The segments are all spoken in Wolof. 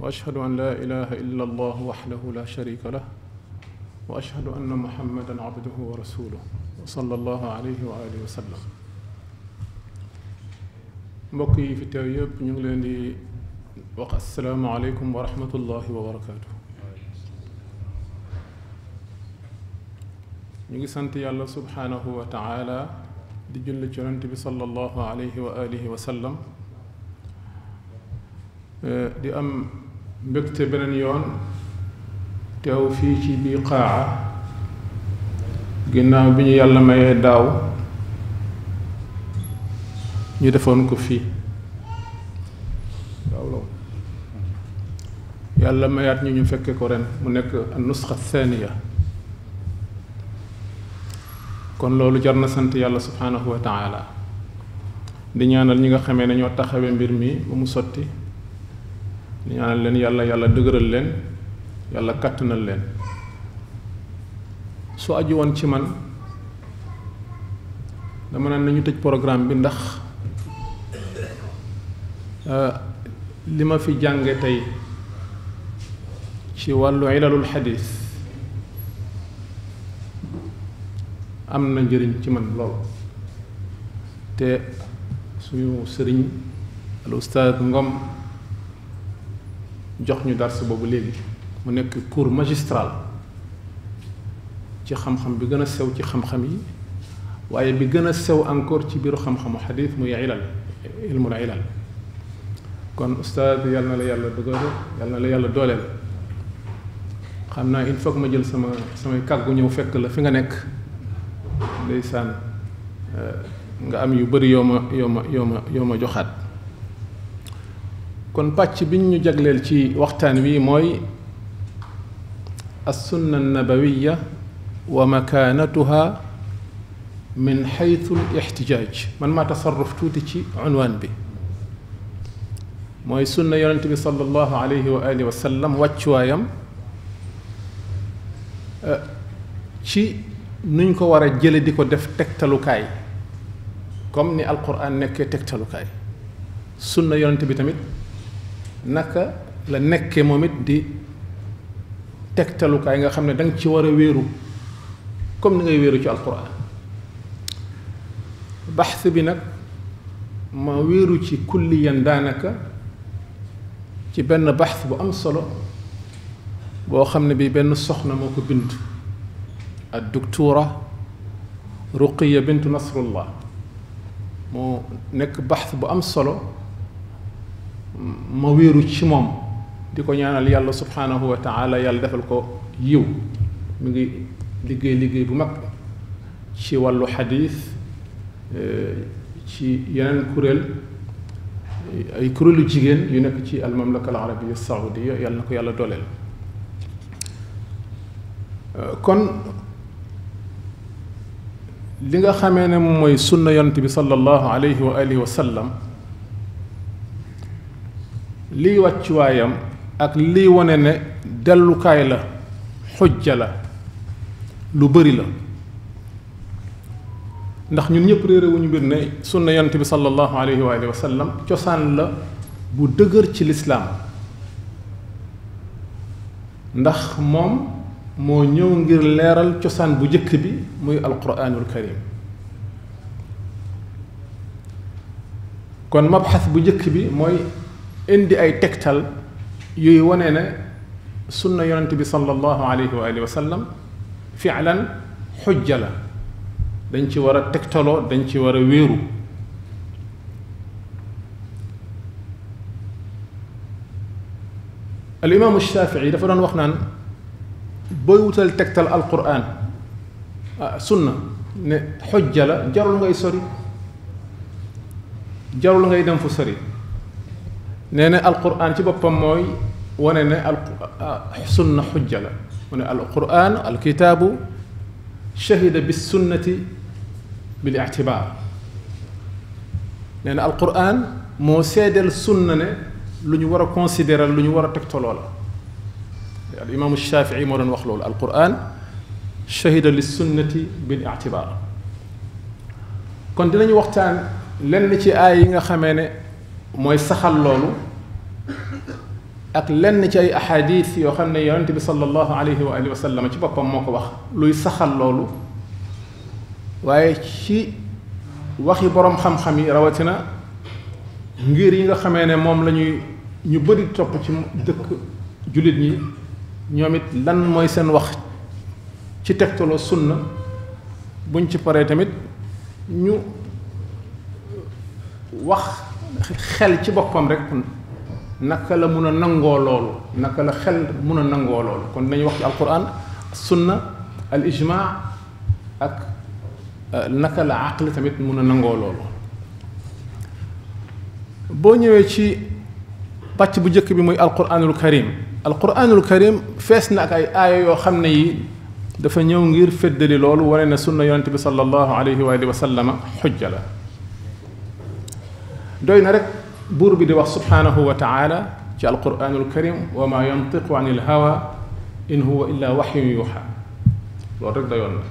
واشهد ان لا اله الا الله وحده لا شريك له واشهد ان محمدا عبده ورسوله صلى الله عليه واله وسلم مكي في التويب نيغلاندي السلام عليكم ورحمه الله وبركاته نيغي سانت الله سبحانه وتعالى دي جول جونتي صلى الله عليه واله وسلم آه، دي ام بكتب بنن يون تاو فيتي بقاعة قلنا بني يلا ما يهداو يدفون كفي داولو يلا ما يات نيو فك كورن منك النسخة الثانية كون لولو جرنا سنتي يلا سبحانه وتعالى دي ñaanal ñi nga xamee ne ñoo ñu ñaanal leen yàlla yàlla dëgëral leen yàlla kàttanal leen su aju woon ci man dama naan nañu tëj programme bi ndax euh, li ma fi jànge tey ci wàllu ilalul xadis am na njëriñ ci man lool te suñu sëriñ al ustaad ngom jox ñu dars boobu léegi mu nekk cours magistral ci xam-xam bi gën a sew ci xam-xam yi waaye bi gën a sew encore ci biiru xam-xamu xadis muy ilal ilmul ilal kon ustaad yal na la yàlla dëgëral yal na la yàlla dooleel xam naa il faut ma jël sama samay kàggu ñëw fekk la fi nga nekk ndeysaan euh, nga am yu bari yoo ma yoo ma yoo ma yoo ma joxaat kon pàcc biñ ñu jagleel ci waxtaan wi mooy السنة النبوية ومكانتها من حيث الاحتجاج من ما تصرف توتي عنوان به موي سنة يونتبي صلى الله wa وآله وسلم واتشوايم ci nuñ ko war a jële di ko def tegtalukaay comme ni alquran nekkee tegtalukaay sunna yonente bi tamit naka la nekke momit di tektalu kay nga xamné dang ci wara wéru comme ni ngay wéru ci alquran bahth bi nak ma wéru ci kulliyan danaka ci benn bahth bu am solo boo xam ne bi benn soxna moo ko bind ak doctora ruqiya bint nasrullah moo nekk bahth bu am solo ma wéeru ci moom di ko ñaanal yàlla subhanahu wa taala yàlla defal ko yiw mi ngi liggéey liggéey bu mag ci wàllu xadis ci yeneen kuréel ay kuréelu jigéen yu nekk ci almamlaka al arabia saudia yàlla na ko yàlla dooleel kon li nga xamee ne mooy sunna yonte bi sallallahu alayhi wa alihi wa sallam liy wàccuwaayam ak liy wane ne dellukaay la xujja la lu bëri la ndax ñun ñëpp réere wuñu mbir ne sunna yonte bi sallallahu alayhi wa alihi wa sallam cosaan la bu dëgër ci lislaam ndax moom moo ñëw ngir leeral cosaan bu jëkk bi muy alquranul karim kon mabxas bu jëkk bi mooy indi ay tegtal yuy wone ne sunna yonent bi sallallahu alayhi wa alihi wa sallam fi'lan xujja la dañ ci war a tegtaloo dañ ci war a wéeru الإمام الشافعي دفع دون وخنان بوي وتال sunna ne سنة la jarul ngay sori jarul ngay dem fu sori نانا القرآن تبا بموي ونانا حسن حجلا ونا القرآن الكتاب شهد بالسنة بالاعتبار لأن القرآن موساد السنة لنورا كونسيدرا لنورا تكتولولا يعني الإمام الشافعي مولا وخلول القرآن شهد للسنة بالاعتبار كنت لن وقتان لن نتي آيين خميني mooy saxal loolu ak lenn ci ay ahadis yoo xam ne yonente bi sallallahu alayhi wa alihi wa sallam ci boppam moo ko wax luy saxal loolu waaye ci waxi borom xam-xam yi rawatina ngir yi nga xamee ne moom la ñuy ñu bëri topp ci dëkk julit ñi ñoom lan mooy seen wax ci tegtaloo sunna buñ ci paree tamit ñu wax xel ci bopam rek naka la mëna nango lool naka la xel mëna nango lool kon dañuy wax ci alquran sunna al ijma ak naka la aql tamit mëna nango lool bo ñewé ci patch bu jëk bi moy alquranul karim alquranul karim fess na ak ay aya yo xamné yi dafa ñëw ngir feddeli lool wane na sunna yaronte bi sallallahu alayhi wa sallam hujjala doy na rek buur bi di wax subhanahu wa taala ci alquranul karim wa ma yantiqu an ilhawa in huwa illa waxyun yuxa loolu rek doyoon na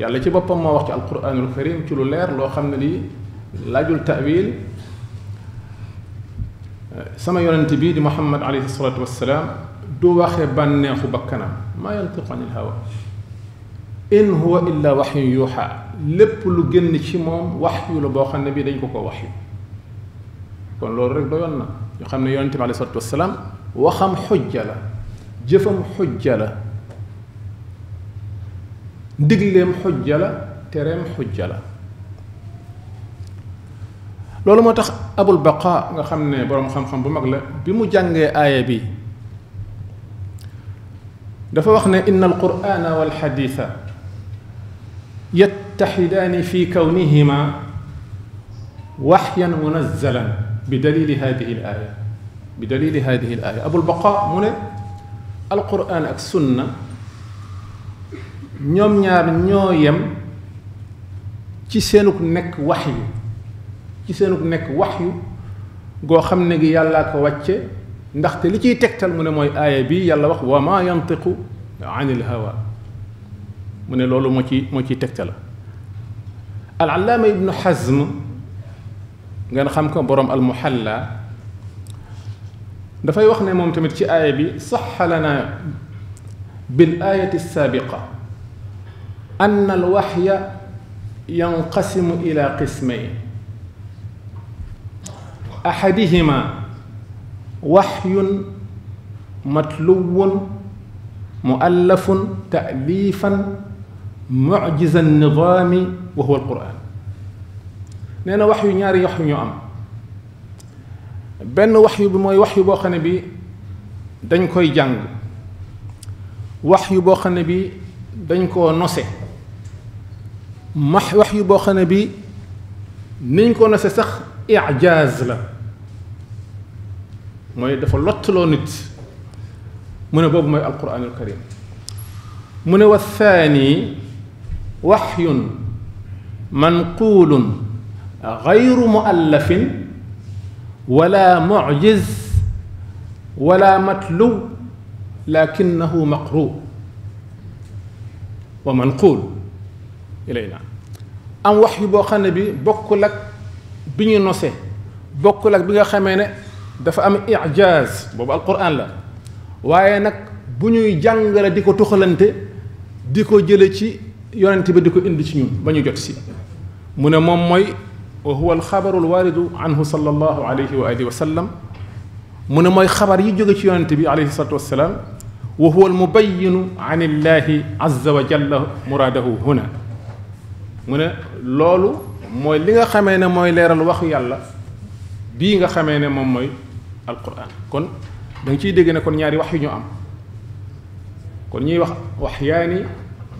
yàlla ci boppam moo wax ci alquranul karim ci lu leer loo xam ne lii laajul tawil sama yonent bi di muhammad alayhi salatu wassalaam du waxe bànneexu bakkanam ma yantiqu an ilhawa in huwa illa waxyun yuxa lépp lu génn ci moom waxyu la boo xam ne bii dañ ko ko waxyu kon loolu rek doyoon na ñu xam ne yonente bi alayhi salatu wasalaam waxam xujja la jëfam xujja la ndigleem xujja la tereem xujja la loolu moo tax abul baqa nga xam ne borom xam-xam bu mag la bi mu jàngee aaya bi dafa wax ne inna alqur'ana haditha yattaxidaani fi kawnihima waxyan munazzalan بدليل هذه الآية بدليل هذه الآية أبو البقاء من القرآن أك سنة نيوم نيار نيويم تي سينوك نك وحي كي سينوك نك وحي غو خمني غي يالا كو واتي نداختي لي تكتال من موي آية بي يالا واخ وما ينطق عن الهوى من لولو موكي موتي تكتال العلامة ابن حزم ngeen xam ko borom al muhalla dafay wax ne moom tamit ci aaya bi saxa lana bil ayati sabiqa an al wahya yanqasimu ila qismayn axadihima وحي متلو مؤلف تأليفا معجز النظام وهو القرآن nee na wax yu ñaari wax yu ñu am benn wax yu bi mooy wax yu boo xam ne bi dañ koy jàng wax yu boo xam ne bi dañ koo nose max wax yu boo xam ne bi niñ ko nose sax ijaaz la mooy dafa lottaloo nit mu ne boobu mooy alquranul karim mu ne wa thaani waxyun manquulun غير مؤلف ولا معجز ولا متلو لكنه مقروء ومنقول إلينا am wax yu boo xam ne bi bokkul ak bi ñu nose bokkul ak bi nga xamee ne dafa am ijaaz boobu alquran la waaye nag bu ñuy jàngale di ko tuxalante di ko jële ci yonent bi di ko indi ci ñun ba ñu jot si mu ne moom mooy وهو الخبر الوارد عنه صلى الله عليه وآله وسلم من ما خبر يجوك يونتبي يعني عليه الصلاة والسلام وهو المبين عن الله عز وجل مراده هنا من لولو موي ليغا خامي نه موي ليرال واخ يالا بيغا خامي نه موم موي القران كون دنج سي ديغي نه كون نياري واخ ñu am كون ñi wax wahyani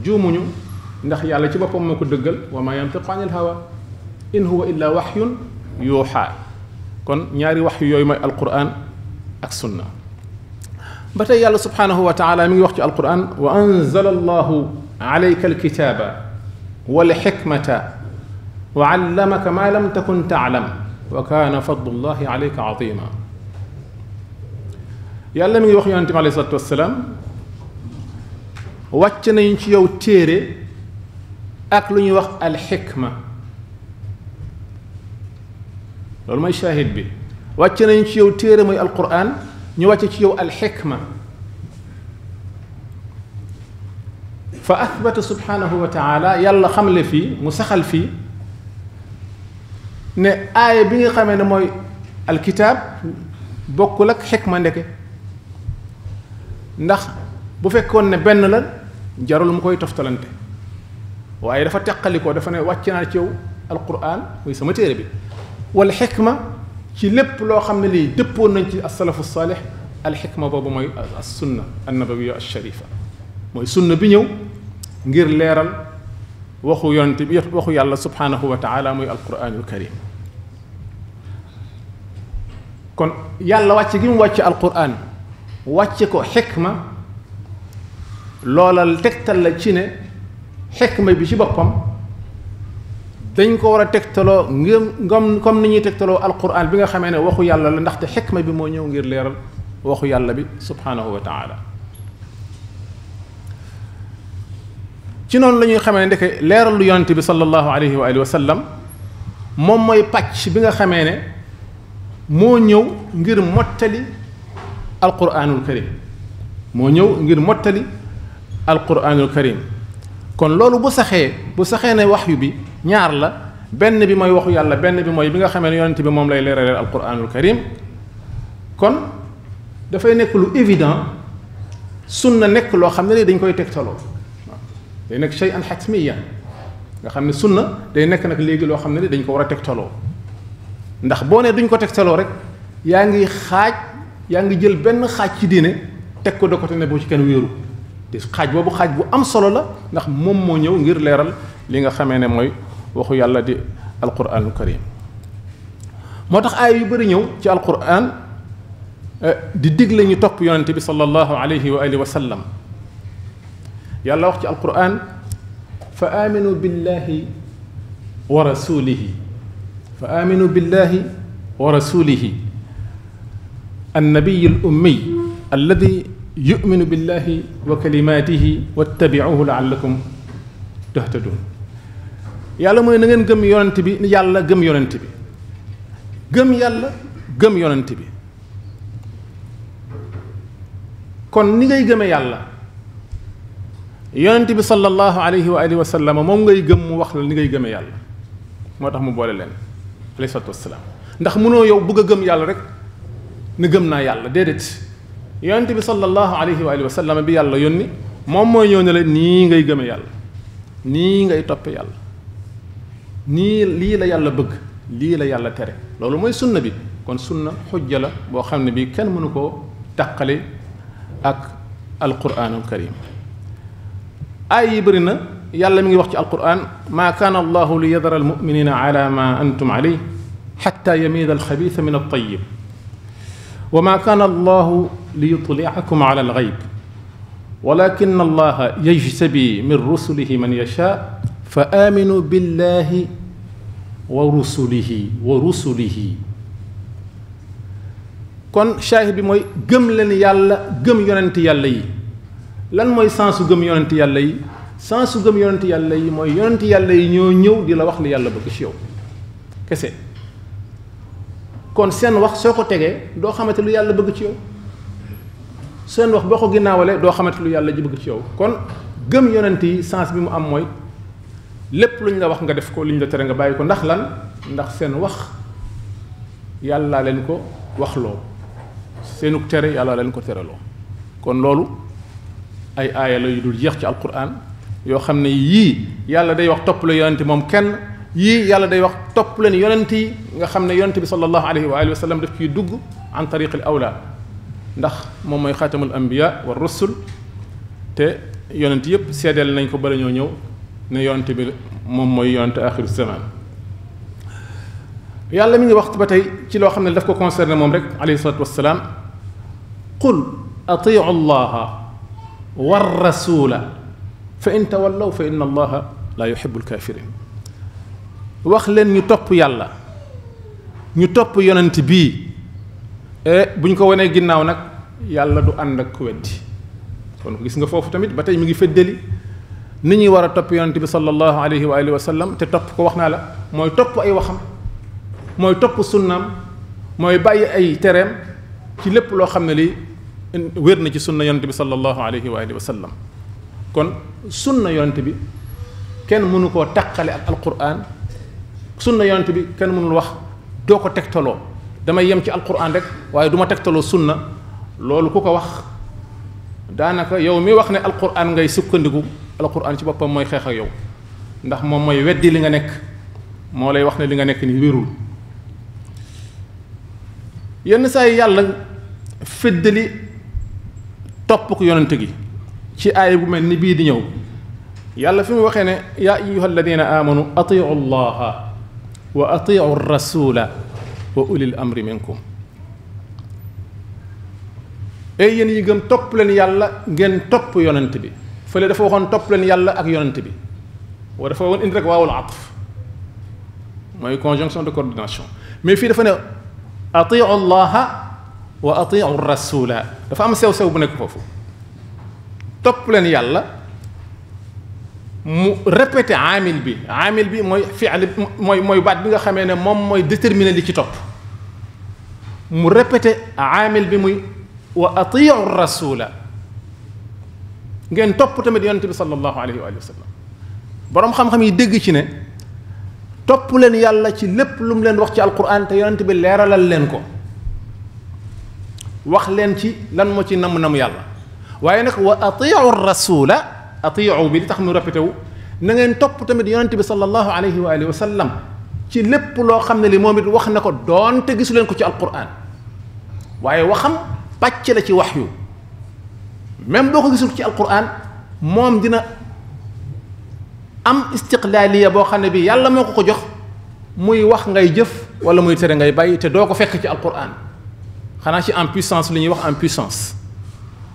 jumuñu ndax yalla ci bopam mako deugal wa ma yantiqu hawa إن هو إلا وحي يوحى كن نياري وحي يوم القرآن أكسنة بتي الله سبحانه وتعالى من وقت القرآن وأنزل الله عليك الكتاب والحكمة وعلمك ما لم تكن تعلم وكان فضل الله عليك عظيما يا الله من يوحي أنت عليه الصلاة والسلام واتنا ينشيو تيري أكلوني وقت الحكمة loolu mooy shahid bi wàcc nañ ci yow téere muy alquran ñu wàcc ci yow alxikma fa athbata subhanahu wa taala yàlla xamle fii mu saxal fii ne aaya bi nga xamee ne mooy alkitaab bokkul ak xikma ndeke ndax bu fekkoon ne benn la jarul mu koy toftalante waaye dafa teqalikoo dafa ne wàcc naa ci yow alquran muy sama téere bi والحكمه شي لب لو خامني لي ديبو نانتي السلف الصالح الحكمه بابو ماي السنه النبويه الشريفه موي سنه بي نيو غير ليرال واخو يونتي بي واخو يالا سبحانه وتعالى موي القران الكريم كون يالا واتي غيم واتي القران واتي كو حكمه لولا تكتال لا حكمه بي شي بوبام dañ ko war a tegtaloo ngëm ngom comme ni ñuy tegtaloo alquran bi nga xamee ne waxu yàlla la ndaxte xikma bi moo ñëw ngir leeral waxu yàlla bi subhanahu wa taala ci noonu la ñuy xamee ndeke leeral lu yonte bi sallallahu alayhi wa alihi wa sallam moom mooy pàcc bi nga xamee ne moo ñëw ngir mottali alquranul karim moo ñëw ngir mottali alquranul karim kon loolu bu saxee bu saxee ne wax yu bi ñaar la benn bi mooy waxu yàlla benn bi mooy bi nga xamee ne yonent bi moom lay leeralal alquranul karim kon dafay nekk lu évident sunna nekk loo xam ne dañ koy tegtaloo day nekk shay an xatmiya nga xam ne sunna day nekk nag léegi loo xam ne dañ ko war a tegtaloo ndax boo ne duñ ko tegtaloo rek yaa ngi xaaj yaa ngi jël benn xaaj ci diine teg ko ko te ne boo ci kenn wéeru te xaaj boobu xaaj bu am solo la ndax moom moo ñëw ngir leeral li nga xamee ne mooy waxu yàlla di alquranul karim moo tax yu bëri ñëw ci alquran di digle ñu topp yonente bi sallallahu alayhi wa alihi wa sallam yàlla wax ci alquran fa aminu billahi wa rasulihi fa aminu billahi wa rasulihi النبي الأمي الذي يؤمن بالله وكلماته واتبعوه لعلكم تهتدون يالا موي نغن گم يوننتي بي يالا گم يوننتي بي گم يالا گم يوننتي بي كون ني گاي گمه يالا يوننتي بي صلى الله عليه واله وسلم موم گاي گم واخ ني گاي گمه يالا موتاخ مو بولي لين عليه الصلاه والسلام نده منو يو بوگ گم يالا رك ني گمنا يالا ديدت yonent bi sallallahu alayhi wa alihi wa sallam bi yàlla yónni moom mooy ñëw ne la nii ngay gëme yàlla nii ngay toppe yàlla nii lii la yàlla bëgg lii la yàlla tere loolu mooy sunna bi kon sunna xujja la boo xam ne bii kenn mënu koo taqale ak alquranul karim ay yi bëri na yàlla mi ngi wax ci alquran maa kaana allahu li yadara almuminina ala ma antum alayh xatta yamiida alxabitha min altayib وما كان الله ليطلعكم على الغيب ولكن الله يجتبي من رسله من يشاء فامنوا بالله ورسله ورسله كون شاهد موي گم لن يالا گم يوننت يالا يي لان موي سانسو گم يوننت يالا يي سانسو گم يوننت يالا يي موي يوننت يالا يي ньо ньо دي لا واخ لي يالا بك شيو كسه kon seen wax soo ko tegee doo xamante lu yàlla bëgg ci yow seen wax boo ko ginnaawalee doo xamante lu yàlla ji bëgg ci yow kon gëm yonent yi sens bi mu am mooy lépp luñ la wax nga def ko lu la tere nga bàyyi ko ndax lan ndax seen wax yàlla leen ko waxloo seenuk tere yàlla leen ko tereloo kon loolu ay aaya la yu dul jeex ci alquran yoo xam ne yii yàlla day wax topp la yonent moom kenn yi yàlla day wax top len yonenti nga xamne yonenti bi sallallahu alayhi wa alihi wa sallam daf ci dugg an tariq al awla ndax moom mooy xaatamul anbiya wa rusul te yonenti yep sedel nañ ko bala ñoo ñëw ne yonenti bi mom moy yonenti akhir zaman yàlla mi ngi wax batay ci lo xamne daf ko concerner mom rek alayhi salatu wassalam qul atiu allaha wa rasula fa in tawallaw fa inna allaha la yuhibu kafirin wax leen ñu topp yàlla ñu topp yonent bii e buñ ko wone ginnaaw nag yàlla du ànd ak ku weddi kon gis nga foofu tamit ba tey mi ngi fëddeli ni ñuy war a topp yonent bi sallallahu alayhi wa alihi wa sallam te topp ko wax naa la mooy topp ay waxam mooy topp sunnam mooy bàyyi ay tereem ci lépp loo xam ne li wér na ci sunna yonent bi sallallahu alayhi wa alihi wa sallam kon sunna yonent bi kenn mënu koo tàqale ak alquran sunna yonent bi ken munul wax doko ko tegtaloo damay yem ci alquran rek waye duma ma sunna lolou kuko wax danaka yow mi wax ne alquran ngay sukkandiku alquran ci bopam moy xex ak yow ndax mom moy weddi li nga nek moo lay wax ne li nga nek ni wirul yenn say yàlla feddeli top ko yonent gi ci ay bu melni bi di ñëw yàlla fi mu ne yaa ayuha amanu atiu allaha واطيعوا الرسول واولي الامر منكم اي ني گم توپ يلا يالا گن توپ يوننت بي فلي يلا وخون توپ لن يالا اك يوننت بي ودافا وون اند رك واو العطف موي كونجونكسيون دو كوردوناسيون مي في دافا ني اطيعوا الله واطيعوا الرسول دافا ام سيو سيو بنك فوفو توپ يلا يالا mu répété aamil bi amil bi mooy fi'l mooy mooy baat bi nga xamee ne moom mooy déterminer li ci topp mu répété aamil bi muy wa atiu rasula ngeen topp tamit yonente bi sallallahu alayhi wa sallam boroom xam-xam yi dégg ci ne topp leen yàlla ci lépp lu mu leen wax ci alquran te yonent rasula اطيعوا نعم، بي تخنو رابيتو نغن توب تاميت يونتي صلى الله عليه واله وسلم تي لب لو خامني لي موميت واخ نكو دونت غيس لين كو تي القران واي وخم باتي لا تي وحيو ميم بوكو غيسو تي القران موم دينا ام استقلاليه بو خامني بي يالا مكو كو جوخ موي واخ غاي جيف ولا موي تري غاي باي تي دوكو فك تي القران خانا تي ام بيسانس لي ني واخ ام بيسانس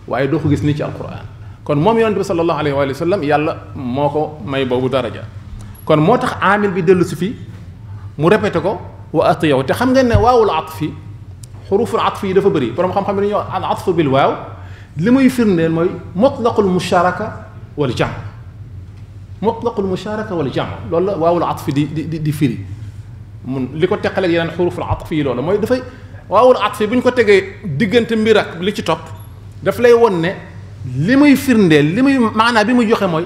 واي دوكو غيس ني تي القران kon moom yonent bi sallallahu alayhi wa sallam yàlla moo ko may boobu daraja kon moo tax aamil bi dellu si fi mu répété ko wa atiyaw te xam ngeen ne waawul atfi xuruful atfi yi dafa bëri borom xam-xam yi dañuy wax al atfu bil waaw li muy firndeel mooy mutlaqul musharaka wal jam mutlaqul musharaka wal jam loolu la waawul atfi di di di firi mun li ko teqaleeg yeneen xuruful atfi yi loolu mooy dafay waawul atfi bu ñu ko tegee diggante mbir ak li ci topp daf lay won ne li firndel firndeel li muy bi muy joxe moy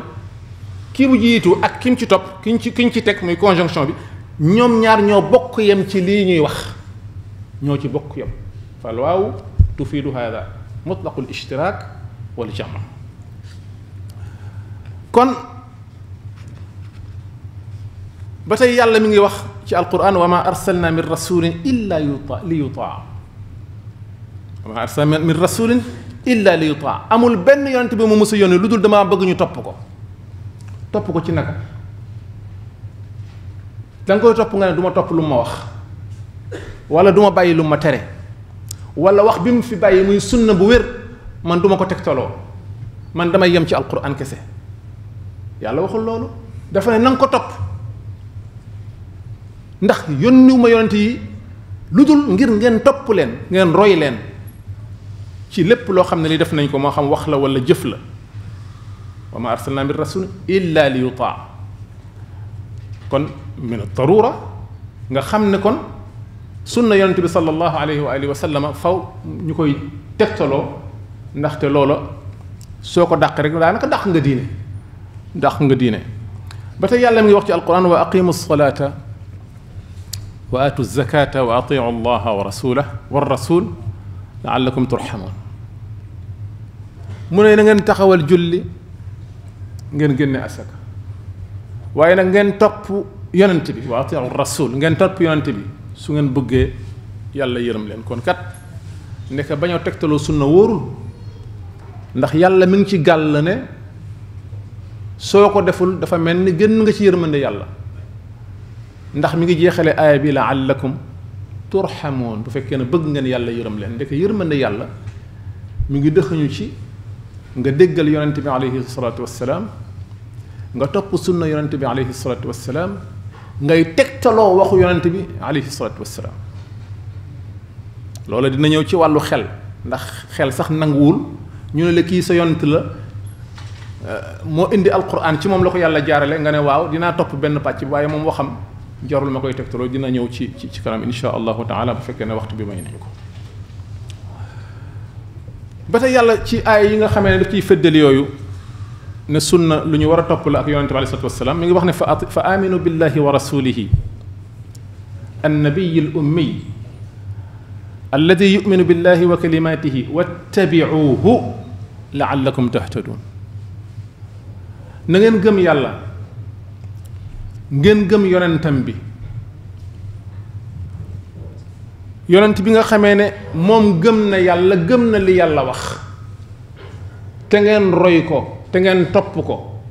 ki mu jitu ak kim ci top kiñ ci kiñ ci tek muy conjonction bi ñom ñaar ño bokk yem ci li ñuy wax ño ci bokk yem fal waw tufidu hada mutlaq al ishtirak wal jam' kon batay yàlla mi ngi wax ci alquran wa ma arsalna min rasulin illa yuta li yuta wama arsalna min rasulin illa li yuta amul ben yonent bi mu mësa yónni lu dama bëgg ñu top ko top ko ci naka dang koy nga duma top lu ma wax wala duma bayyi lu ma téré wala wax bi mu fi bayyi muy sunna bu wër man duma ko tolo man dama yem ci alquran kesse yalla waxul lolu dafa ne nang ko top ndax yónniwuma yonent yi ngir ngeen top len ngeen roy len ci lépp lo xamne li def nañ ko mo xam wax la wala jëf la wa ma arsalna bir rasul illa li yuta kon min at tarura nga xamne kon sunna yaronte bi sallallahu alayhi wa alihi wa sallam faw ñukoy koy ndax te lolo soko ko rek rek naka dàq nga diine dàq nga diine ba tey yàlla mi ngi wax ci alquran wa aqimus salata واتوا الزكاه واطيعوا الله ورسوله والرسول لعلكم ترحمون mune na ngeen taxawal julli ngeen génne asaka waaye nag ngeen topp yonent bi wa atiu rasul ngeen topp yonent bi su ngeen bëggee yàlla yërëm leen kon kat ne nekk bañoo tegtaloo sunna wóorul ndax yàlla mi ngi ci gàll ne soo ko deful dafa mel ni génn nga ci yërmande yàlla ndax mi ngi jeexale aaya bi laallakum turxamoon bu fekkee ne bëgg ngeen yàlla yërëm leen ndeke yërmande yàlla mi ngi dëxañu ci nga déggal yonent bi alayhi salatu wassalam nga top sunna yonent bi alayhi salatu wassalam ngay tegtaloo waxu yonent bi alayhi salatu wassalam loola dina ñëw ci walu xel ndax xel sax nangul ñu ne ki sa yonent la mo indi alquran ci mom la ko yàlla jaarale nga ne waw dina top ben patch waye mom waxam jarul ma koy tegtaloo dina ñëw ci ci kanam insha allahu taala bu fekkee ne waxtu bi may nañ ko bata yàlla ci ay yi nga xamé ne ci feddel yoyu ne sunna lu ñu wara top la ak yonente bi sallallahu alayhi wasallam mi ngi wax ne fa fa aminu billahi wa rasulihi nabiy al ummi alladhi yuminu billahi wa kalimatihi wattabi'uhu laallakum tahtadun na ngeen gëm yàlla ngeen gëm yonentam bi yonent bi nga xamé ne mom gëm na yàlla gëm na li yàlla wax te ngeen roy ko te ngeen top ko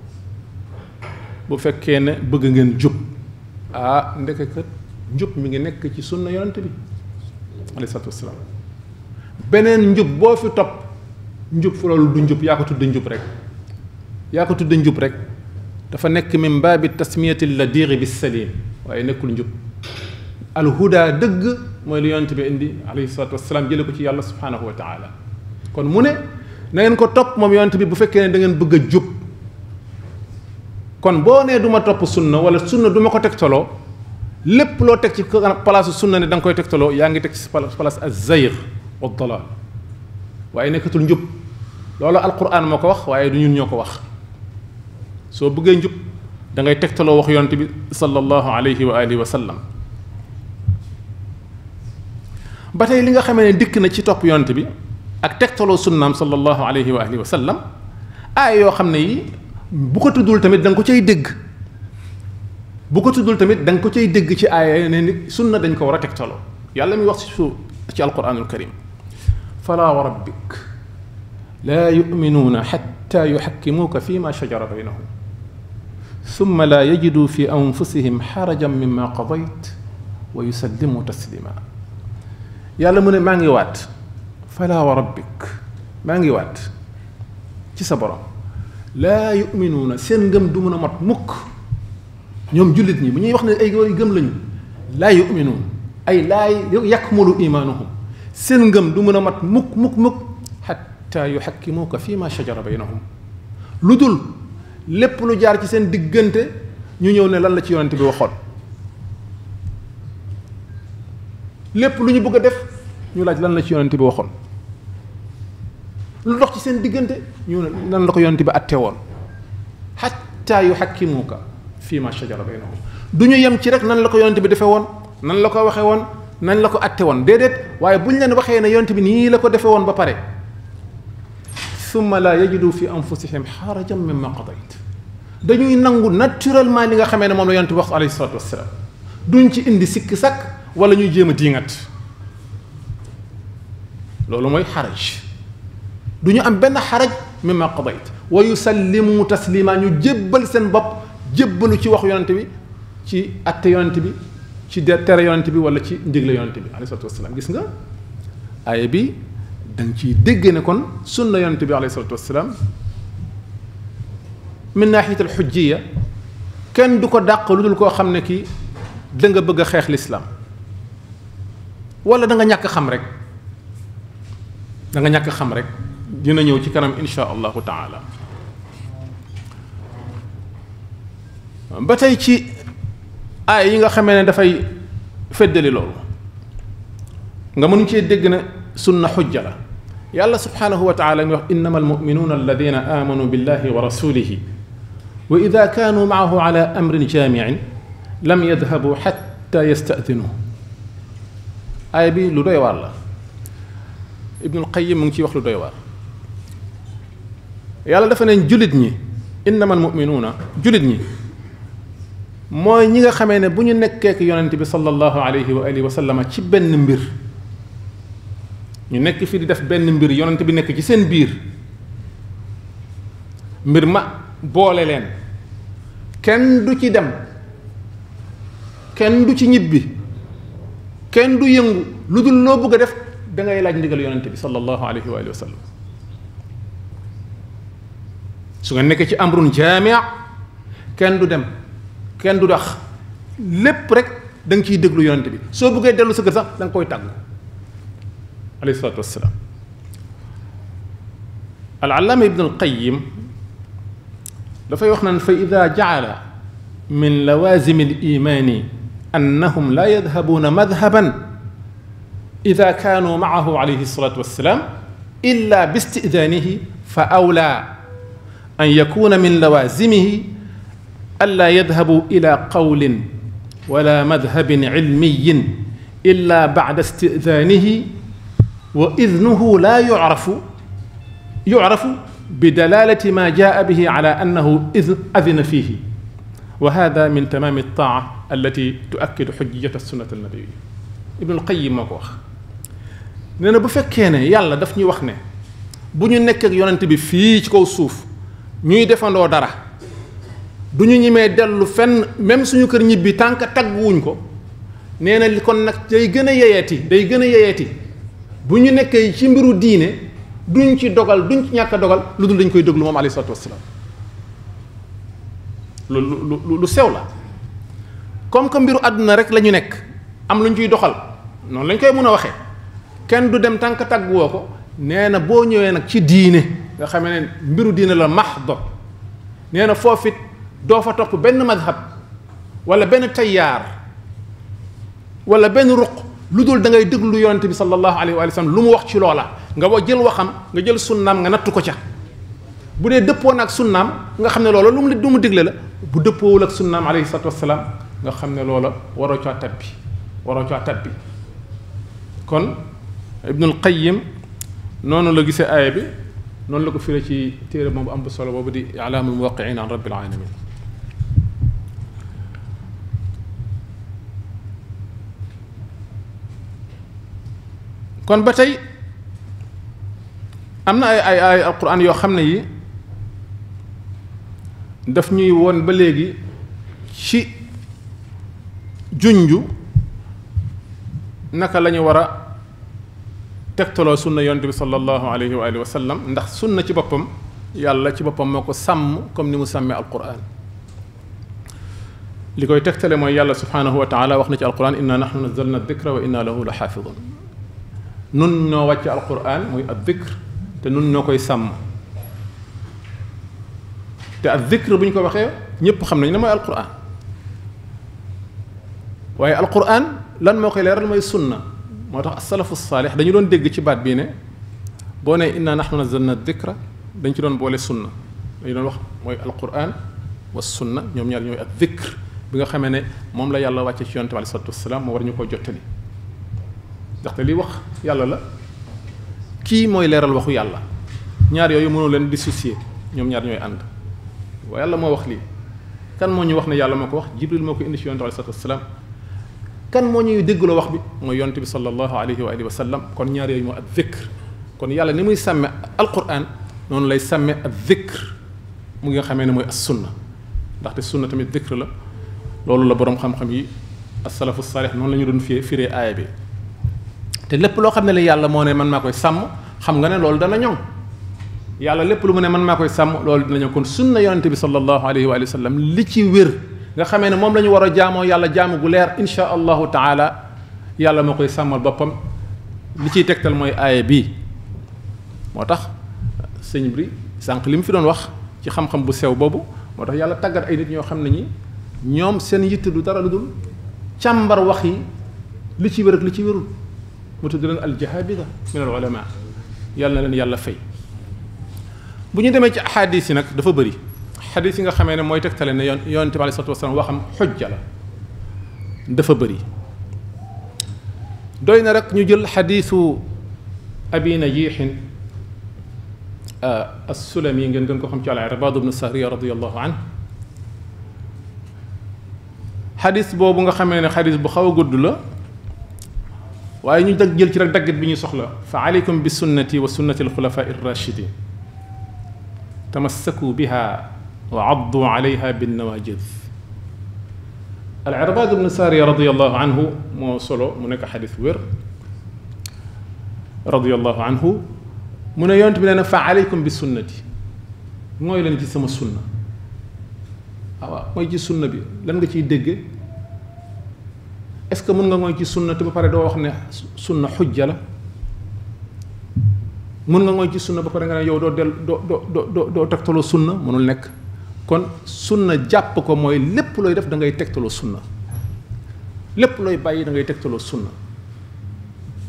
bu fekkee ne bëgg ngeen jup ah ndeke kat jup mi ngi nekk ci sunna yonent bi alayhi salaatu wasalaam benen njub bo fi top njub fu lolou du njub ya ko tudde njub rek ya ko tudde njub rek dafa nek min babit tasmiyatil ladiri bis salim waye nekul njub الهدى دغ موي لي يونت بي اندي عليه الصلاه والسلام جيلكو سي الله سبحانه وتعالى كون موني نين كو توب موم يونت بي بو فكين دا نين بوغ جوب كون بو ني دوما توب سنه ولا سنه دوما كو تك تولو لب لو تك سي بلاص سنه ني دانكوي تك تولو ياغي تك سي بلاص الزيغ والضلال واينك تول نجوب لولا القران مكو واخ واي دو نيون نيوكو واخ سو بوغي نجوب دا ngay تك تولو واخ يونت بي صلى الله عليه واله وسلم batay li nga xamee dik na ci top yont bi ak tektolo sunnam sallallahu alayhi wa alihi wa sallam ay yo xamné yi bu ko tudul tamit dang ko cey dégg bu ko tudul tamit dang ko cey dégg ci ay ne sunna dañ ko wara tektolo yàlla mi wax su ci alquranul karim fala wa rabbik la yuminuuna xatta yuxakkimuuka fi ma shajara ثم لا يجدوا في انفسهم حرجا مما قضيت ويسلموا تسليما يالا من ماغي وات فلا وربك ماغي وات تي صبرهم لا يؤمنون سين گم دو من مات موك نيوم جوليت ني بني وخني اي غوري گم لاني لا يؤمنون اي لا يكمل ايمانهم سين گم دو من مات موك موك موك حتى يحكموك فيما شجر بينهم لودول لپ لو جار سين ديگنتي ني نيو نه لان لا سي يونت بي واخون lépp lu ñu bëgg def ñu laaj lan la ci yonent bi waxoon lu dox ci seen diggante ñu lan la ko yonent bi atte woon hatta yu fi ma shajara baynahum duñu ñu yem ci rek nan la ko yonent bi defé woon nan la ko waxé woon nan la ko atte woon dedet waye buñu leen waxé na yonent bi ni la ko defé woon ba pare summa laa yajidu fi anfusihim xarajan mimma qadayt dañuy nangu naturellement li nga xamee ne moom la yonent bi wax alayhi salaatu wassalaam duñ ci indi sikk sàkk wala ñuy jema diingat lolu moy haraj xaraj du ñu am benn xaraj mimma qadayt wa yusallimu taslima ñu jébbal seen bop jébbalu ci wax yonent bi ci atte yonent bi ci tere yonent bi wala ci ndigle yonent bi alayhi salatu wassalam gis nga ay bi dang ci ciy dégg ne kon sunna yonent bi alayhi salatu wassalam min naaxiyat alxujjiya kenn du ko dàq lu dul koo xam ne kii da nga bëgg a xeex wala da nga ñàkk xam rek da nga ñàkk xam rek dina ñëw ci kanam insha allahu taala ba tey ci aay yi nga xamee ne dafay feddali loolu nga mënu cee dégg na sunna xujja la yàlla subhanahu wa taala ngi wax innama almuminuuna alladina amanu billahi wa rasulihi wa ida kaanuu maahu ala amrin jaamicin lam yadhabuu xatta yastadinuuh aaya bi lu doy waar la ibnul qayim mu ngi ciy wax lu doy waar yàlla dafa ne jullit ñi innamal muminuuna jullit ñi mooy ñi nga xamee ne bu ñu nekkeek yonent bi sallallahu alayhi wa alihi wa sallama ci benn mbir ñu nekk fii di def benn mbir yonent bi nekk ci seen biir mbir ma boole leen kenn du ci dem kenn du ci ñibbi كين دو ينغو لودول لو بوغا ديف دا غاي لاج نديغال يونت بي صلى الله عليه واله وسلم سو نك سي امرون جامع كين دو ديم كين دو داخ ليب ريك دا نكي ديغلو يونت بي سو بوغا ديلو سكر صاح دا نكوي تاغ عليه الصلاه والسلام العلامة ابن القيم دا فاي واخنا فاذا جعل من لوازم الايمان أنهم لا يذهبون مذهبا إذا كانوا معه عليه الصلاة والسلام إلا باستئذانه فأولى أن يكون من لوازمه ألا يذهبوا إلى قول ولا مذهب علمي إلا بعد استئذانه وإذنه لا يعرف يعرف بدلالة ما جاء به على أنه إذن فيه وهذا من تمام الطاعة التي تؤكد حجية السنة النبوية ابن القيم مكوخ نانا بو فكينا يلا دفني وخنا بو ني نيك يونت بي في تي كو سوف ني ديفاندو دارا دو ني نيمي دلو فن ميم سونو كير نيبي تانكا تاغوون كو نانا لي كون نك داي غنا ييتي داي غنا ييتي بو ني نيك سي مبرو دينه دونتي دوغال دونتي نياكا دوغال لودو دنج كوي دوغلو موم عليه الصلاه والسلام lu lu lu sew la comme que mbiru aduna rek lañu nek am luñ ciy doxal non lañ koy mëna waxé kenn du dem tank tag wo ko neena bo ñëwé nak ci diiné nga xamé né mbiru diiné la mahdo, neena fofit do fa top ben madhhab wala ben tayyar wala ben ruq ludul da ngay deglu yaronte bi sallallahu alaihi wa sallam lu mu wax ci lola nga jël waxam nga jël sunnam nga natt ko ca bu dee dëppoon ak sunnaam nga xam ne loola lu mu lu mu digle la bu dëppoowul ak sunnaam alayhi salatu wasalaam nga xam ne loola waroo caa tabbi waroo caa tabbi kon ibnul qayim noonu la gisee aaya bi noonu la ko firee ci téere moom am bu solo boobu di ilaamul muwaqiin an rabbil alamin kon ba tey am ay ay ay alquran yoo xam yi daf ñuy woon ba léegi ci junju naka la ñu war a tegtaloo sunna yonte bi sallallahu alayhi wa alihi wa sallam ndax sunna ci boppam yàlla ci boppam moo ko sàmm comme ni mu sàmmee alquran li koy tegtale mooy yàlla subhanahu wa taala wax na ci alquran inna nahnu nazzalna dikra wa inna lahu la xaafidun nun ñoo wàcc alquran muy ad dikr te nun ñoo koy sàmm te ak zikr buñ ko waxee ñëpp xam nañ ne mooy alquran waaye alquran lan moo koy leeral mooy sunna moo tax asalafu saalix dañu doon dégg ci baat bii ne boo ne inna nahnu nazalna dhikra dañ ci doon boole sunna dañu doon wax mooy alquran wa sunna ñoom ñaar ñooy ak zikr bi nga xamee ne moom la yàlla wàcce ci yonte bi alei salatu wasalaam moo war ñu ko jottali ndaxte li wax yàlla la kii mooy leeral waxu yàlla ñaar yooyu mënoo leen dissocier ñoom ñaar ñooy ànd wa yàlla moo wax lii kan moo ñu wax ne yàlla moo ko wax jibril moo ko indi ci yonte alayhi salatu wasalaam kan moo ñuy déggloo wax bi mooy yonte bi sallallahu alayhi wa alihi wa sallam kon ñaar yooyu moo ab zikr kon yàlla ni muy sàmme alquran noonu lay sàmme ab zikr mu ngi nga xamee ne mooy as sunna ndaxte sunna tamit zikr la loolu la borom xam-xam yi asalafu salih noonu la ñu doon fiyee firee aaya bi te lépp loo xam ne la yàlla moo ne man maa koy sàmm xam nga ne loolu dana ñoŋ yàlla lépp lu mu ne man makoy sam lolou loolu dina kon sunna yaronte bi sallallahu alayhi wa sallam li ci wér nga xamee ne moom la ñu war yàlla jamu gu leer insha allah taala yàlla makoy samal bopam li ci tektal moy aya bi motax seigne bri sank lim fi don wax ci xam-xam bu sew bobu motax yàlla tagat ay nit ñoo xam ne ñi ñoom seen yitt du dara luddul chambar waxi li ci wér ak li ci wérul mu al jahabida min al ulama yàlla len yàlla fay buñu démé ci hadith yi nag dafa bari hadith yi nga xamé ne moy tektalé ne yoon yonente bi alei salatu wasalaam waxam hujja la dafa bari doyna rek ñu jël hadithu abi najih as-sulami ngeen gën ko xam ci ala rabad ibn sahri radiallahu an hadith bobu nga xamé ne hadith bu xawa gudd la waye ñu dag jël ci rek dagat bi ñu soxla fa aleykum bi sunnati wa sunnati alxulafaa rashidin تمسكوا بها وعضوا عليها بالنواجذ العرباد بن ساري رضي الله عنه موصله منك حديث وير رضي الله عنه من يونت من نفع عليكم بسنتي موي لا نجي سما سنة اوا موي جي سنة بي لان غا سي دغ اسكو مون غا موي جي سنة با بار دو واخني سنة حجه لا mun nga mooy ci sunna ba pare nga ne yow doo del doo doo doo doo tegtaloo sunna mënul nekk kon sunna jàpp ko mooy lépp looy def da ngay tegtaloo sunna lépp looy bàyyi dangay ngay tegtaloo sunna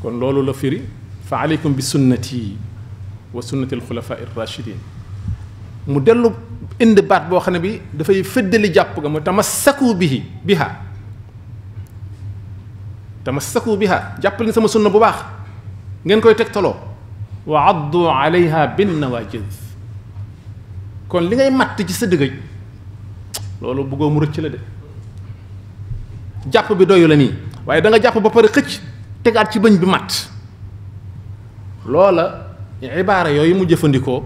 kon loolu la firi fa aleykum bi sunnati wa sunnati alxulafa irrachidin mu dellu indi baat boo xam ne bi dafay fëddali jàpp ga mu tamassaku bihi biha tamassaku biha jàppal ni sama sunna bu baax ngeen koy tegtaloo wa addu alayha bin nawajid kon li ngay matt ci sa dëgëj loolu bëggoo mu rëcc la de jàpp bi doyu la nii waaye danga jàpp ba pare xëcc tegaat ci bëñ bi matt loola ibaara yooyu mu jëfandikoo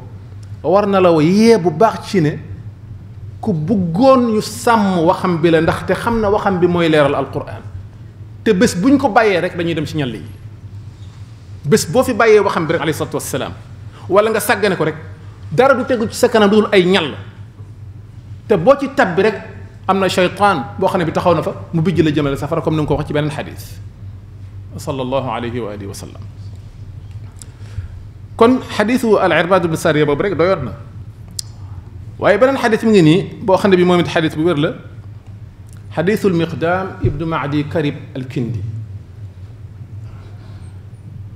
war na la wa yee bu baax ci ne ku bëggoon ñu sàmm waxam bi la ndaxte xam na waxam bi mooy leeral alquran te bés buñ ko bàyyee rek dañuy dem ci ñal yi bés bo fi baye waxam bi ali sattu salaatu wala nga sagane ko rek dara du teggu ci sa kanam dul ay ñal te bo ci tab bi rek amna shaytan bo xane bi taxaw na fa mu bijj la jëmale safara comme ni ko wax ci benen hadith sallallahu alayhi wa alihi wa sallam kon hadithu al irbad ibn sariya bo rek doyoon na waaye beneen xadis mi ngi ni bo xane bi momit hadith bu wér la hadithul miqdam ibnu ma'di karib al kindi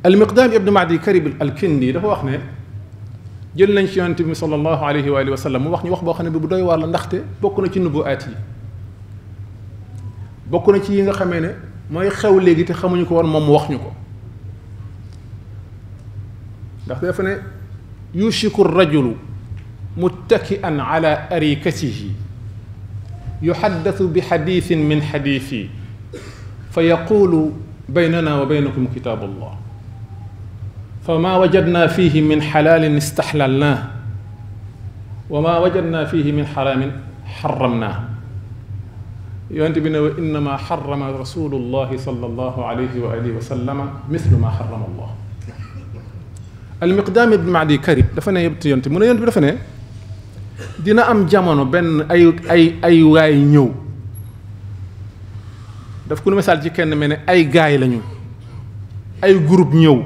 المقدام ابن معدي كرب الكندي ده واخنا جل نشيان تبي صلى الله عليه وآله وسلم واخني واخ بوخنا ببدوي وارل نخته بكونا تي آتي بكونا تي ينغ خمينة ما يخاو ليجي تخمني كوار ما موخني كو دخل يفنى يشك الرجل متكئا على أريكته يحدث بحديث من حديثي فيقول بيننا وبينكم كتاب الله فما وجدنا فيه من حلال استحللناه وما وجدنا فيه من حرام حرمناه يونت بنا وإنما حرم رسول الله صلى الله عليه وآله وسلم مثل ما حرم الله المقدام ابن معدي كريم دفنا يبت يونت من يونت دفنا دينا أم jamono بين أي أي أي واي نيو daf مثال جي misaal من أي mel لنيو أي gaay نيو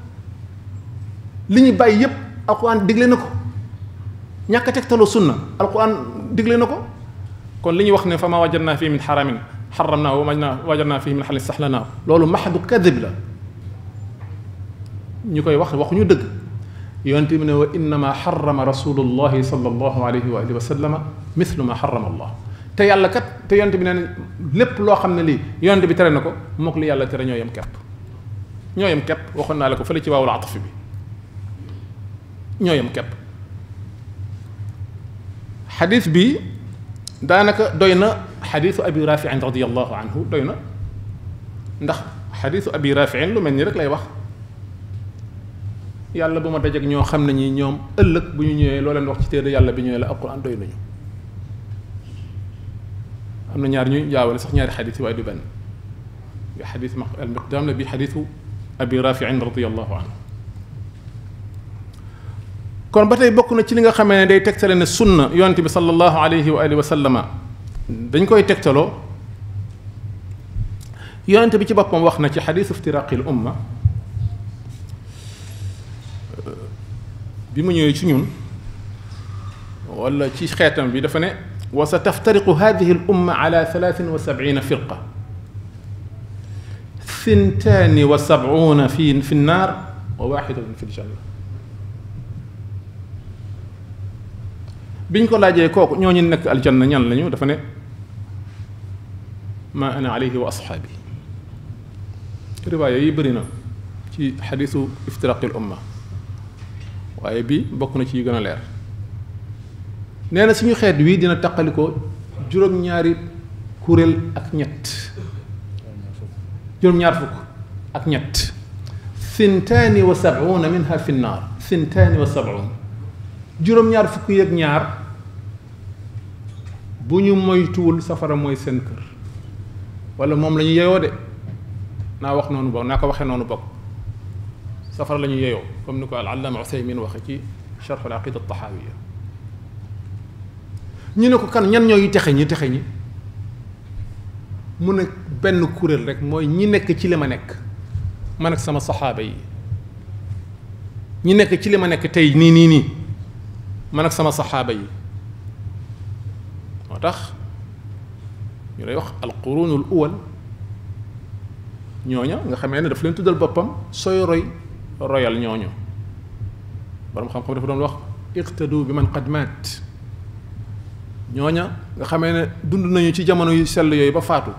liñu bay yépp alquran diglé nako ñak tek talo sunna alquran diglé nako kon liñu wax né fama wajadna fi min haramin حرمنا ومجنا وجرنا فيه من حل سحلنا لولو محد كذب لا نيكاي واخ واخ نيو دغ يونتي من انما حرم رسول الله صلى الله عليه واله وسلم مثل ما حرم الله تا يالا كات تا يونتي بن ليب لو خامن لي يونتي بي تري نكو موك لي يالا تري نيو يم كاب نيو يم كاب واخنا لكو فلي سي واو العطف بي ñoo yem képp xadis bi daanaka doy na xadisu abi rafiin radiallahu anhu doy na ndax xadisu abi rafiin lu mel ni rek lay wax yàlla bu ma dajeeg ñoo xam ne ñi ñoom ëllëg bu ñu ñëwee loo leen wax ci téere yàlla bi ñëwee la alquran doy nañu am na ñaar ñuy jaawale sax ñaari xadis yi waaye du benn bi xadis al miqdam la bi xadisu abi rafiin radiallahu anhu kon ba tey bokk na ci li nga xamee ne day tegtale ne sunna yonent bi sallallahu alayhi wa alihi wa sallama dañ koy tegtaloo yonent bi ci boppam wax na ci xadiisu iftiraqil umma bi ma ñëwee ci ñun wala ci xeetam bi dafa ne wa sa taftariqu hadihi al umma ala thalathin wa sab'ina firqa thintani wa sab'una fi fi nnaar wa waxidatun fi ljanna biñ ko laajee kooku ñooñu nekk aljanna ñan lañu dafa ne ma ana alayhi wa ashabi riwaya yi bëri na ci xadisu al umma waaye bi bokk na ci yu gën a leer nee na suñu xeet wi dina taqalikoo juróom-ñaari kuréel ak ñett juróom-ñaar fukk ak ñett sintaani wa sabuuna minha fi nnaar sintaani wa sabuun juróom-ñaar fukk yeeg ñaar buñu moytuul safara moy seen kër wala mom lañu yeyo de na wax nonu bok naa waxe nonu bok safara lañu yeyo comme niko al allama usaymin waxe ci sharh al aqida tahawiyya ñu ne ko kan ñan ñoy texe ñi texe ñi mu ne benn kuréel rek mooy ñi nekk ci li ma nekk man ak sama saxaaba yi ñi nekk ci li ma nekk tey nii nii nii man ak sama saxaaba yi moo tax ñu lay wax alqurunul uwal ñooña nga xamee ne daf leen tuddal boppam sooy roy royal ñooñu borom xam-xam dafa doon wax iqtadu bi man qad maat ñooña nga xamee ne dund nañu ci jamono yu sell yooyu ba faatu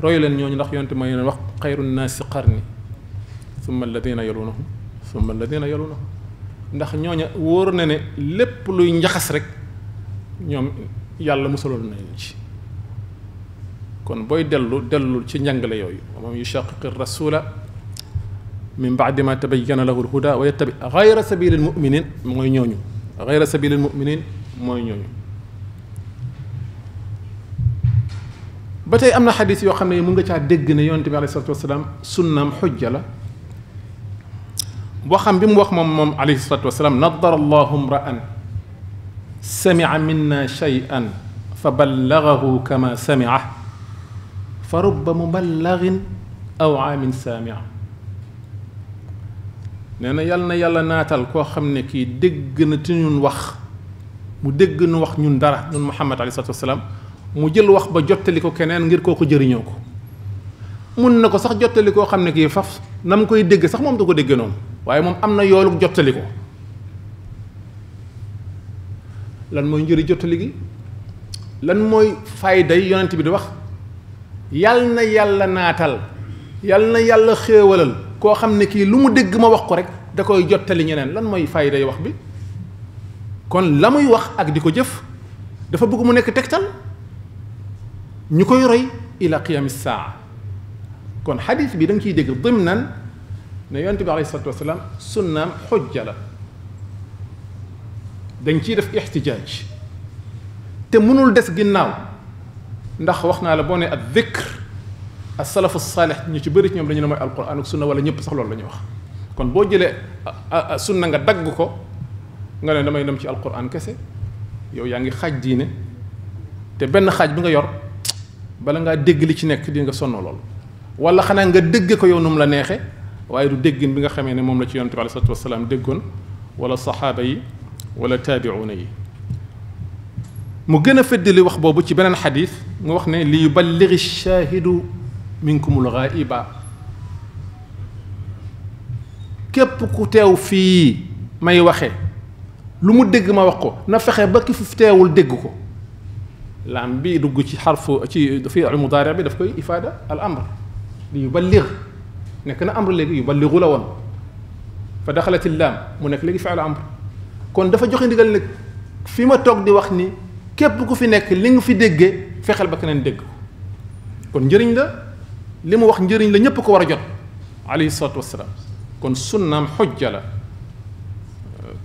roy leen ñooñu ndax yonte mooy leen wax xayru naasi qarni summa alladina yalunahum summa alladina yalunahum ndax ñooña wóor na ne lépp luy njaxas rek ñoom yàlla musaloon nañ ci kon boy delu delu ci njàngale yoy mom man rasula min ba'd ma tabayyana lahu lhuda wa yattabi ghayra sabilil mu'minin moy ñooñu ghayra sabilil mu'minin moy ñooñu batay amna hadith yo xamne mu nga ca dégg ne yonente sallallahu alayhi wasallam sunnam hujja xujja la waxam bi mu wax mom mom alayhi sallallahu alayhi wasallam nadhara allahu ra'an سمع منا شيئا فبلغه كما سمعه فرب مبلغ او عام سامع نانا يالنا يالا ناتال كو خامني كي دغ نتيون واخ مو دغ نو واخ نون دارا نون محمد عليه الصلاه والسلام مو جيل واخ با جوتالي كو كينين غير كوكو جيرينيوكو مون نكو صاح جوتالي كو خامني كي فاف نام كوي دغ صاح موم دوكو دغ نون واي موم امنا يولو جوتالي كو lan moy njëri jotali gi lan moy fayda yi yonent bi di wax yal na yàlla natal yal na yàlla xewalal ko xamne ki kii lu mu dégg ma wax ko rek da koy jotali ñeneen lan moy fayda yi wax bi kon lamuy wax ak diko jëf dafa bëgg mu nekk tektal ñukoy roy ila qiyamis saa kon hadith bi dang ci deg dimnan ne yonent bi alayhi salatu wassalam sunnaam hujjala dañ ciy def ixtijaaj te mënul des ginnaaw ndax wax naa la boo ne ak dhikr as salafu saalix ñu ci bëri ci ñoom dañu ne mooy alquran ak sunna wala ñëpp sax loolu la ñuy wax kon boo jëlee sunna nga dagg ko nga ne damay dem ci alquran kese yow yaa ngi xaaj diine te benn xaaj bi nga yor bala ngaa dégg li ci nekk di nga sonn lool wala xanaa nga dégg ko yow nu mu la neexee waaye du déggin bi nga xamee ne moom la ci yonent bi alayhi salaatu wasalaam déggoon wala saxaaba yi ولا تابعوني مجنى فد اللي وخ بوتي تبان الحديث وخنا ليبلغ الشاهد منكم الغائبة كيف كتاو في ما يوخي لو دق ما وقو نفخي باكي ففتاو الدقكو لان بي دوغ شي حرف شي في المضارع بي دافكو افاده الامر ليبلغ نكنا امر لي يبلغ لون فدخلت اللام منك لي فعل امر kon dafa joxe ndigal nag fi ma toog di wax ni képp ku fi nekk li nga fi déggee fexeel ba keneen dégg kon njëriñ la li mu wax njëriñ la ñëpp ko war a jot alayhi salatu wasalaam kon sunnaam xujja la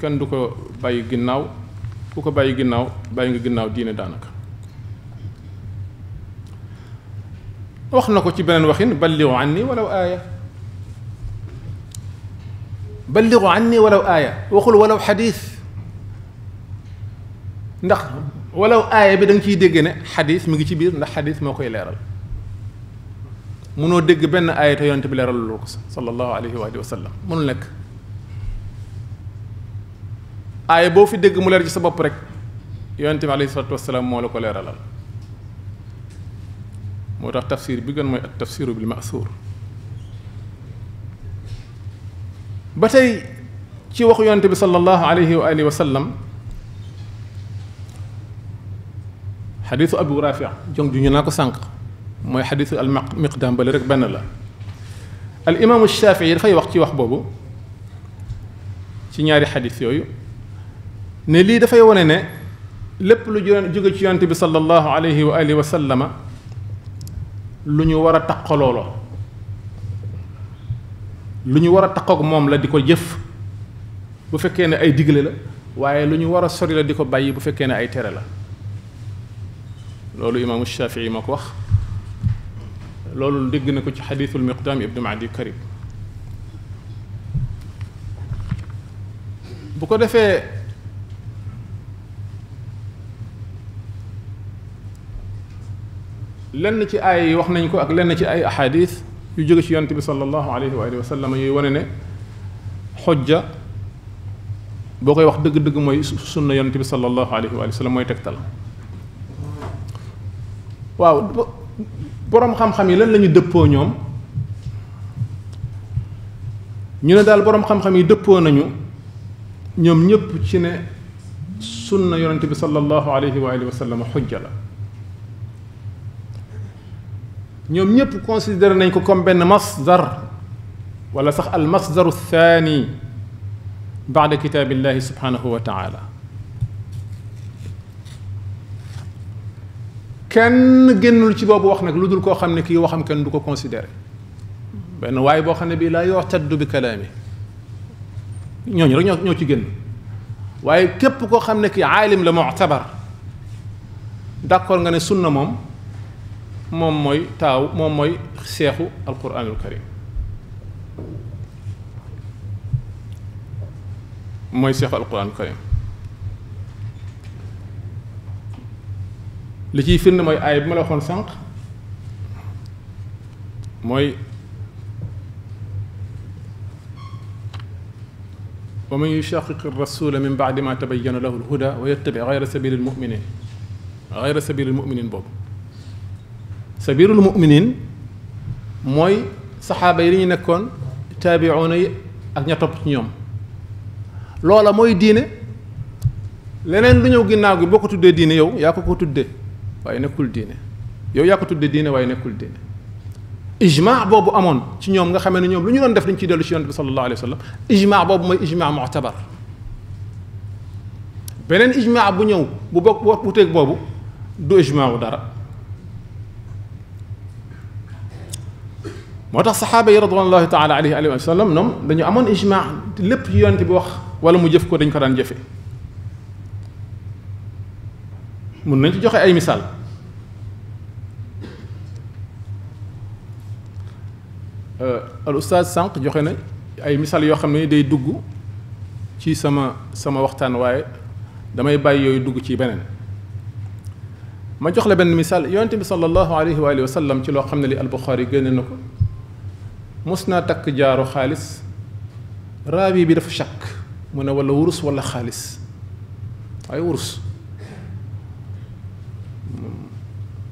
kenn du ko bàyyi ginnaaw ku ko bàyyi ginnaaw bàyyi nga ginnaaw diine daanaka wax na ko ci beneen waxin balligu anni walaw aaya balligu anni walaw aaya waxul walaw xadiis ndax walaw aaya bi da nga ciy dégg ne xadis mi ngi ci biir ndax xadis moo koy leeral munoo dégg benn aaya te yonente bi leeral lu ko sallallahu alayhi wa sallam munul nekk aaya boo fi dégg mu leer ci sa bopp rek yonente bi alayhi salatu wasalaam moo la ko leeralal moo tax tafsir bi gën mooy at tafsiru bil masuur ba tey ci waxu yonente bi sallallahu alayhi wa alihi wa sallam حديث abu رافع جونج ني نكو سانك موي حديث المقدام بل al بن لا الامام الشافعي la al imaamu بوبو سي نياري حديث يوي ني لي دا فاي وني ني لب لو wane ne lépp lu jóge ci yonte bi sallallahu alayhi wa alihi wa sallama lu ñu war a taqaloo la lu ñu war a taqoog moom la di ko jëf a sori la diko bàyyi bu fekkene ay tere la لولو إمام الشافعي مكوخ لولو لدقنا كوش حديث المقدام ابن معدي كريم بكو دفي لن تي اي وخنا نكو اك لن تي احاديث يو جوغي سي صلى الله عليه واله وسلم يي حجه بوكاي واخ دغ دغ موي سنه صلى الله عليه واله وسلم موي تكتال waaw borom xam-xam yi lan la ñu dëppoo ñoom ñu ne daal borom xam-xam yi dëppoo nañu ñoom ñëpp ci ne sunna yonente bi sallallahu alayhi wa alihi wa sallam xujja la ñoom ñëpp considéré nañ ko comme benn masdar wala sax al masdaru thani بعد كتاب الله سبحانه وتعالى kenn génnul ci boobu wax nag lu dul koo xam ne kii waxam kenn du ko considéré benn waaye boo xam ne bii laa yoo taddu bi kalaami ñooñu rek ñoo ñoo ci génn waaye képp koo xam ne kii aalim la muctabar d' accord nga ne sunna moom moom mooy taaw moom mooy seexu alquranul karim mooy seexu alquranul karim li ciy firnde mooy aay bi ma la waxoon sànq mooy wa man yushaqiq rasula min baadi ma tabayyana lahu lhuda wa yattabi gayra sabili lmuminin gayra sabili lmuminin boobu sabilul muminin mooy saxaaba yi li ñu nekkoon taabiuuna yi ak ña topp ci ñoom loola mooy diine leneen lu ñëw ginnaaw gi boo ko tuddee diine yow yaa ko ko tuddee waaye nekkul diine yow yaa ko tudde diine waaye nekkul diine ijma boobu amoon ci ñoom nga xamee ne ñoom lu ñu doon def dañ ciy dellu ci yonent bi sallallahu alayhi wa sallam ijma boobu mooy ijma mu'tabar beneen ijma bu ñëw bu bokk wuteeg boobu du ijma wu dara moo tax saxaaba yi radwanallahi taala alayhi alihi wa sallam ñoom dañu amoon ijma lépp ci yonent bi wax wala mu jëf ko dañ ko daan jëfe mun nañ ci joxe ay misaal al oustaz sànq joxe na ay misaal yoo xam ne day dugg ci sama sama waxtaan waaye damay bàyyi yooyu dugg ci beneen ma jox la benn misaal yonente bi sallallahu alayhi wa sallam ci loo xam ne li albuxaari génne na ko mos naa takk jaaru xaalis raawi bi dafa chàkk mu ne wala wurus wala xaalis waaye wurus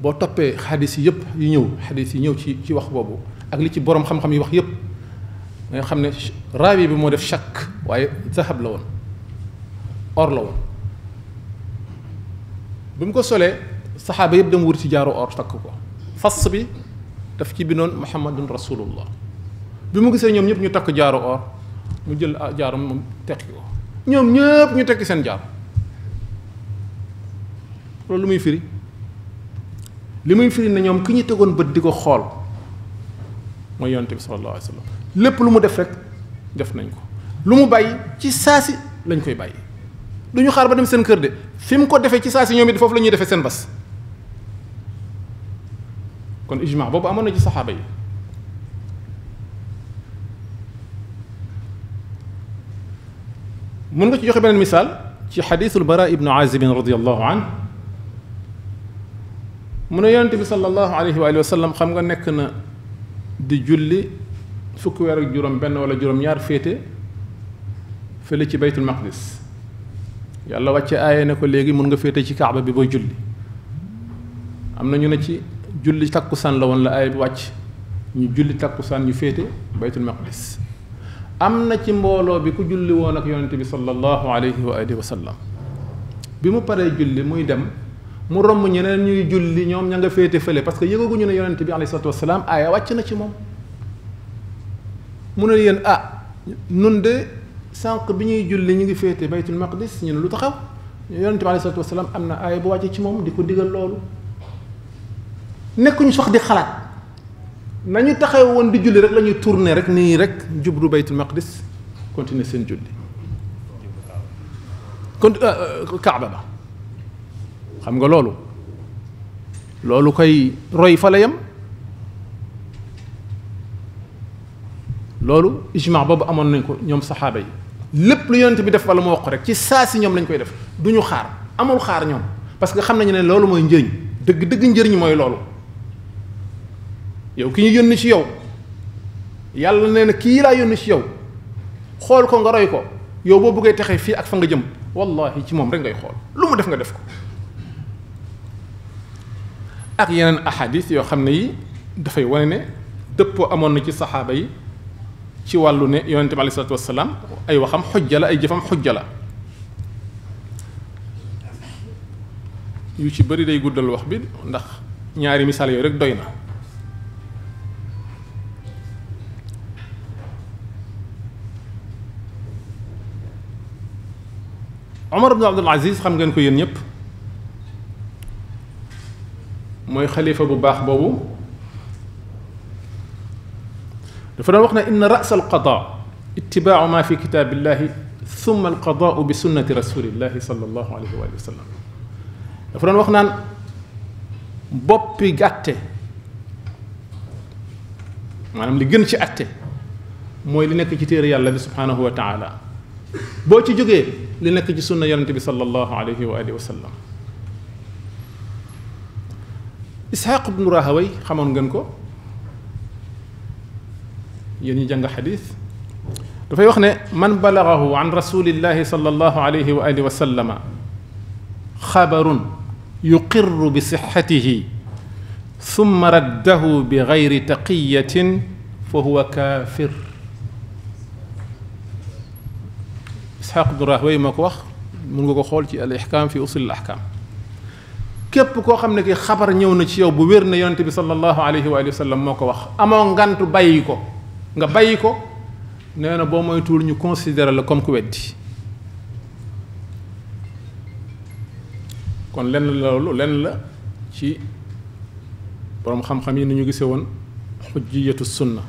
boo toppee xadis yi yëpp yi ñëw xadis yi ñëw ci ci wax boobu ak li ci borom xam-xam yi wax yépp nga xam ne raawi bi moo def chak waaye zahab la woon or la woon bi mu ko solee saxaaba yëpp dem wër ci jaaru or takk ko fas bi daf ci bindoon muhammadun rasulullah bi mu gisee ñoom ñëpp ñu takk jaaru or mu jël jaaru moom tekki ko ñoom ñëpp ñu tekki seen jaaru loolu lu muy firi li muy firi ne ñoom ki ñu tegoon bët di ko xool mooy yonent bi sallallahu alayhi wa sallam lépp lu mu def rek def nañ ko lu mu bàyyi ci saasi lañ koy bàyyi du xaar ba dem seen kër de fi ko defee ci saasi ñoom it foofu la seen bas kon ijma boobu amoon ci saxaaba yi mun nga ci joxe beneen misaal ci xadiisul bara ibnu azibin radiallahu an mu ne yonente bi salallahu alayhi wa sallam xam nga nekk na di julli fukki weer ak juróom benn wala juróom ñaar féete fële ci baytul maqdis yàlla wàcce aaye ne ko léegi mun nga féete ci kaaba bi booy julli am na ñu ne ci julli takkusaan la woon la aaye wàcc ñu julli takkusaan ñu féete baytul maqdis am na ci mbooloo bi ku julli woon ak yonente bi sallallahu alayhi wa alihi wa sallam bi mu paree julli muy dem mu romb ñeneen ñuy julli ñoom ña nga féete fële parce que yëgaguñu ne yonent bi alayhi salatu wasalaam aaya wàcc na ci moom mu ne yéen ah nun de sànq bi ñuy julli ñu ngi féete baytul maqdis ñu ne lu taxaw yonent bi alayhi salatu wasalaam am na aaya bu wàcc ci moom di ko digal loolu nekkuñu sax di xalaat nañu taxaw woon di julli rek lañuy tourner rek nii rek jublu baytul maqdis continuer seen julli kon kaaba ba xam nga loolu loolu koy roy fa la loolu ijma boobu amoon nañ ko ñoom saxaaba yi lépp lu yonent bi def wala mu wax ko rek ci saasi si ñoom lañ koy def duñu xaar amul xaar ñoom parce que xam nañu ne loolu mooy njëriñ dëgg dëgg njëriñ mooy loolu yow ki ñu yónni ci yow yàlla nee na kii laa yónni ci yow xool ko nga roy ko yow boo bëggee texee fii ak fa nga jëm wallahi ci moom rek ngay xool lu mu def nga def ko ak yeneen ahadith yoo xam ne yi dafay wane ne dëpp amoon na ci saxaaba yi ci wàllu ne yonente bi aleyhi salaatu wasalaam ay waxam xujja la ay jëfam xujja la yu ci bëri day guddal wax bi ndax ñaari misaal yooyu rek doy na Omar ibn Abdul Aziz xam ngeen ko yéen ñëpp mooy xalifa bu baax boobu dafa doon wax ne inna ras alqada ittibaau ma fi kitaabillahi thumma alqadaau bi sunnati rasulillahi sallallahu alayhi wa sallam dafa doon wax naan boppi gàtte maanaam li gën ci atte mooy li nekk ci téere yàlla bi subhanahu wa taala boo ci jógee li nekk ci sunna yonente bi sallallahu alayhi wa alihi wa sallam اسحاق بن راهوي خمون غنكو يني جان حديث دا فاي من بلغه عن رسول الله صلى الله عليه واله وسلم خبر يقر بصحته ثم رده بغير تقية فهو كافر إسحاق بن راهوي ماك واخ مونغوكو خول الاحكام في اصل الاحكام كيف كوا خم نك خبر نيو نشيو بوير نيون تبي صلى الله عليه وآله وسلم ما كوا أما عن عن تبايكو عن بايكو نيو نبوا ما يطول نيو كونسيدر لكم كويت كون لين لا لو لين لا شيء برام خم خمي نيو جسون حجية السنة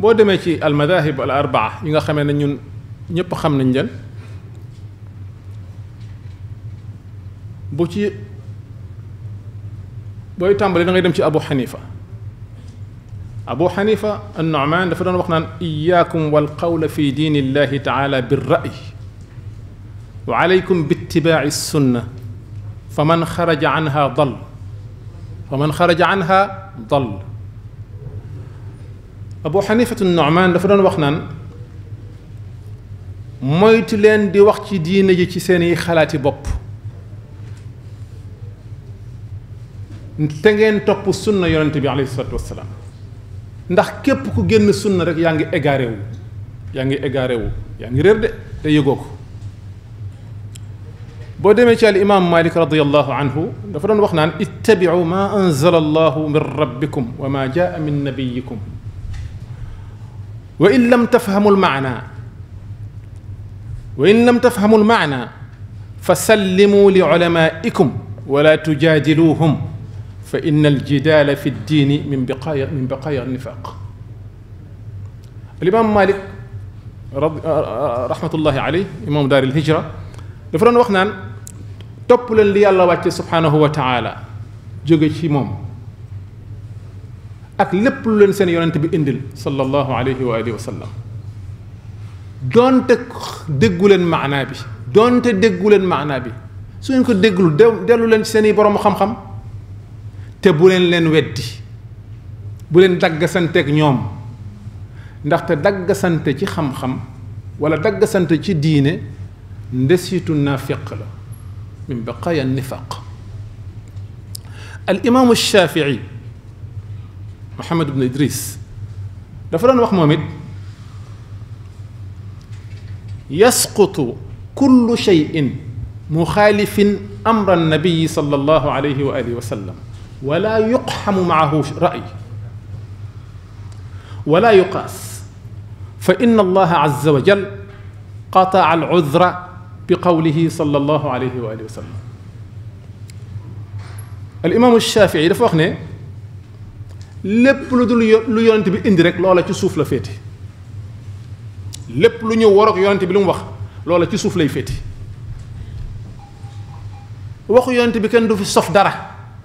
بودي ما شيء المذاهب الأربعة ينع خم نيو نيو بخم نجن بوتي boy tàmbali da ngay dem ci abu hanifa abu hanifa an-nu'man da fa don wax nan iyyakum wal qawl fi diin ta'ala bir ra'y wa alaykum bi ittiba'i sunnah faman kharaja anha dhal faman kharaja anha dhal abu hanifa an-nu'man da fa don wax nan moytu len di wax ci diine ji ci seni xalaati bop te ngeen topp sunna yonente bi alayhi salatu wasalaam ndax képp ku génn sunna rek yaa ngi égaré wu yaa ngi égaré wu yaa ngi réer de te yëgoo ko boo demee ci al imam malik radiallahu anhu dafa doon wax naan ittabiu ma anzala allahu min rabbikum wa ma jaa min nabiyikum wa in lam tafhamu almaana wa in lam tafhamu almaana fasallimu li ulamaikum wala tujadiluhum فإن الجدال في الدين من بقايا من بقايا النفاق. الإمام مالك آه، آه، رحمة الله عليه إمام دار الهجرة لفرن وخنان توبل لي الله سبحانه وتعالى جوجي موم اك لب لن سن يونت بي اندل صلى الله عليه واله وسلم دونت دغولن معنا بي دونت دغولن معنا بي سوين كو دغلو دلو لن سني بروم خم خم te bu leen leen weddi bu leen daggasanteeg ñoom ndaxte daggasante ci xam-xam wala daggasante ci diine ndesitu naafiq la min baqaaya nifaq al imaamu shafii mohamad ibn idris dafa doon wax moom it yasqutu kullu cheyin muxaalifin amra annabiyi sal allahu alayhi wa alihi wa sallam ولا يقحم معه رأي ولا يقاس فإن الله عز وجل قطع العذر بقوله صلى الله عليه وآله وسلم الإمام الشافعي دفوخنا لب لدو لو يونت بي اندريك لولا تي سوف لا فيتي لب لو نيو وروك يونت بي لوم واخ لولا تي سوف لاي فيتي في صف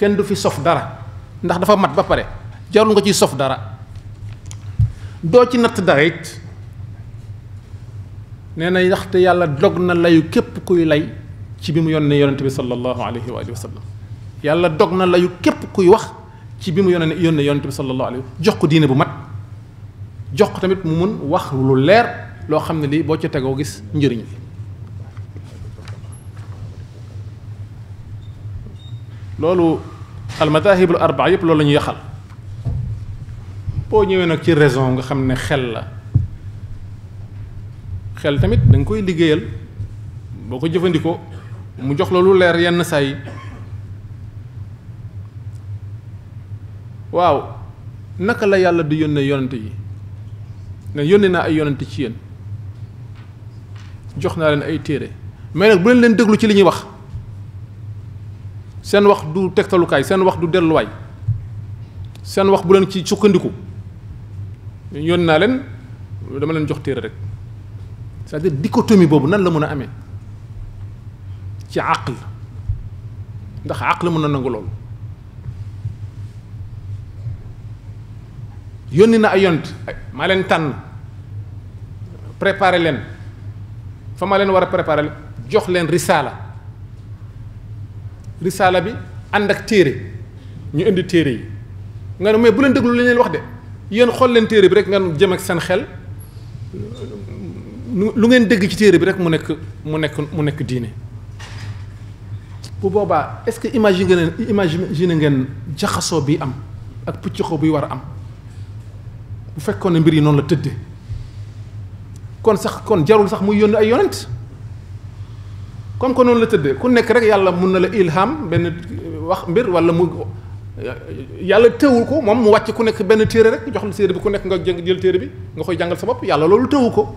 kenn du fi sof dara ndax dafa mat ba pare jarul nga ci sof dara do ci nat dara it neena ndax te yalla dog layu kep kuy lay ci bimu yonne yónnee bi sallallahu alayhi wa sallam yalla dog layu kep kuy wax ci bimu yonne yonne yónnee bi sallallahu alayhi jox ko diine bu mat jox ko tamit mu mun wax lu leer lo xamne li bo ci gis njëriñ li loolu almadahibul arbaa yëpp loolu la ñuy yaxal boo ñëwee nag ci raison nga xam ne xel la xel tamit da koy liggéeyal boo ko jëfandikoo mu jox la lu leer yenn saa waaw naka la yàlla di yónnee yonent yi ne yónnee naa ay yonent ci yéen jox naa leen ay téere mais nag bu leen leen déglu ci li ñuy wax seen wax du tegtalukaay seen wax du delluwaay seen wax bu leen ci sukkandiku yoon naa leen dama leen jox téere rek c'est-à-dire dichotomie boobu nan la mën a amee ci àql ndax àql mën na nangu loolu yónni na ay yont maa leen tànn préparer leen fa ma leen war a préparer jox leen risaala risaala bi ànd ak téere ñu indi téere yi nga ne mais bu leen déglu li leen wax de yéen xool leen téere bi rek ngeen jëm ak seen xel lu ngeen dégg ci téere bi rek mu nekk mu nekk mu nekk diine bu boobaa est-ce que imagine ngeen imagine ngeen jaxasoo bi am ak pucc puccaxoo bi war a am bu fekkoon ne mbir yi noonu la tëdde kon sax kon jarul sax muy yónni ay yonent comme que noonu la tëddee ku nekk rek yàlla mun na la ilham benn wax mbir wala mu yàlla tëwu ko moom mu wàcc ku nekk benn téere rek jox la téere bi ku nekk nga jëng jël téere bi nga koy jàngal sa bopp yàlla loolu tëwu ko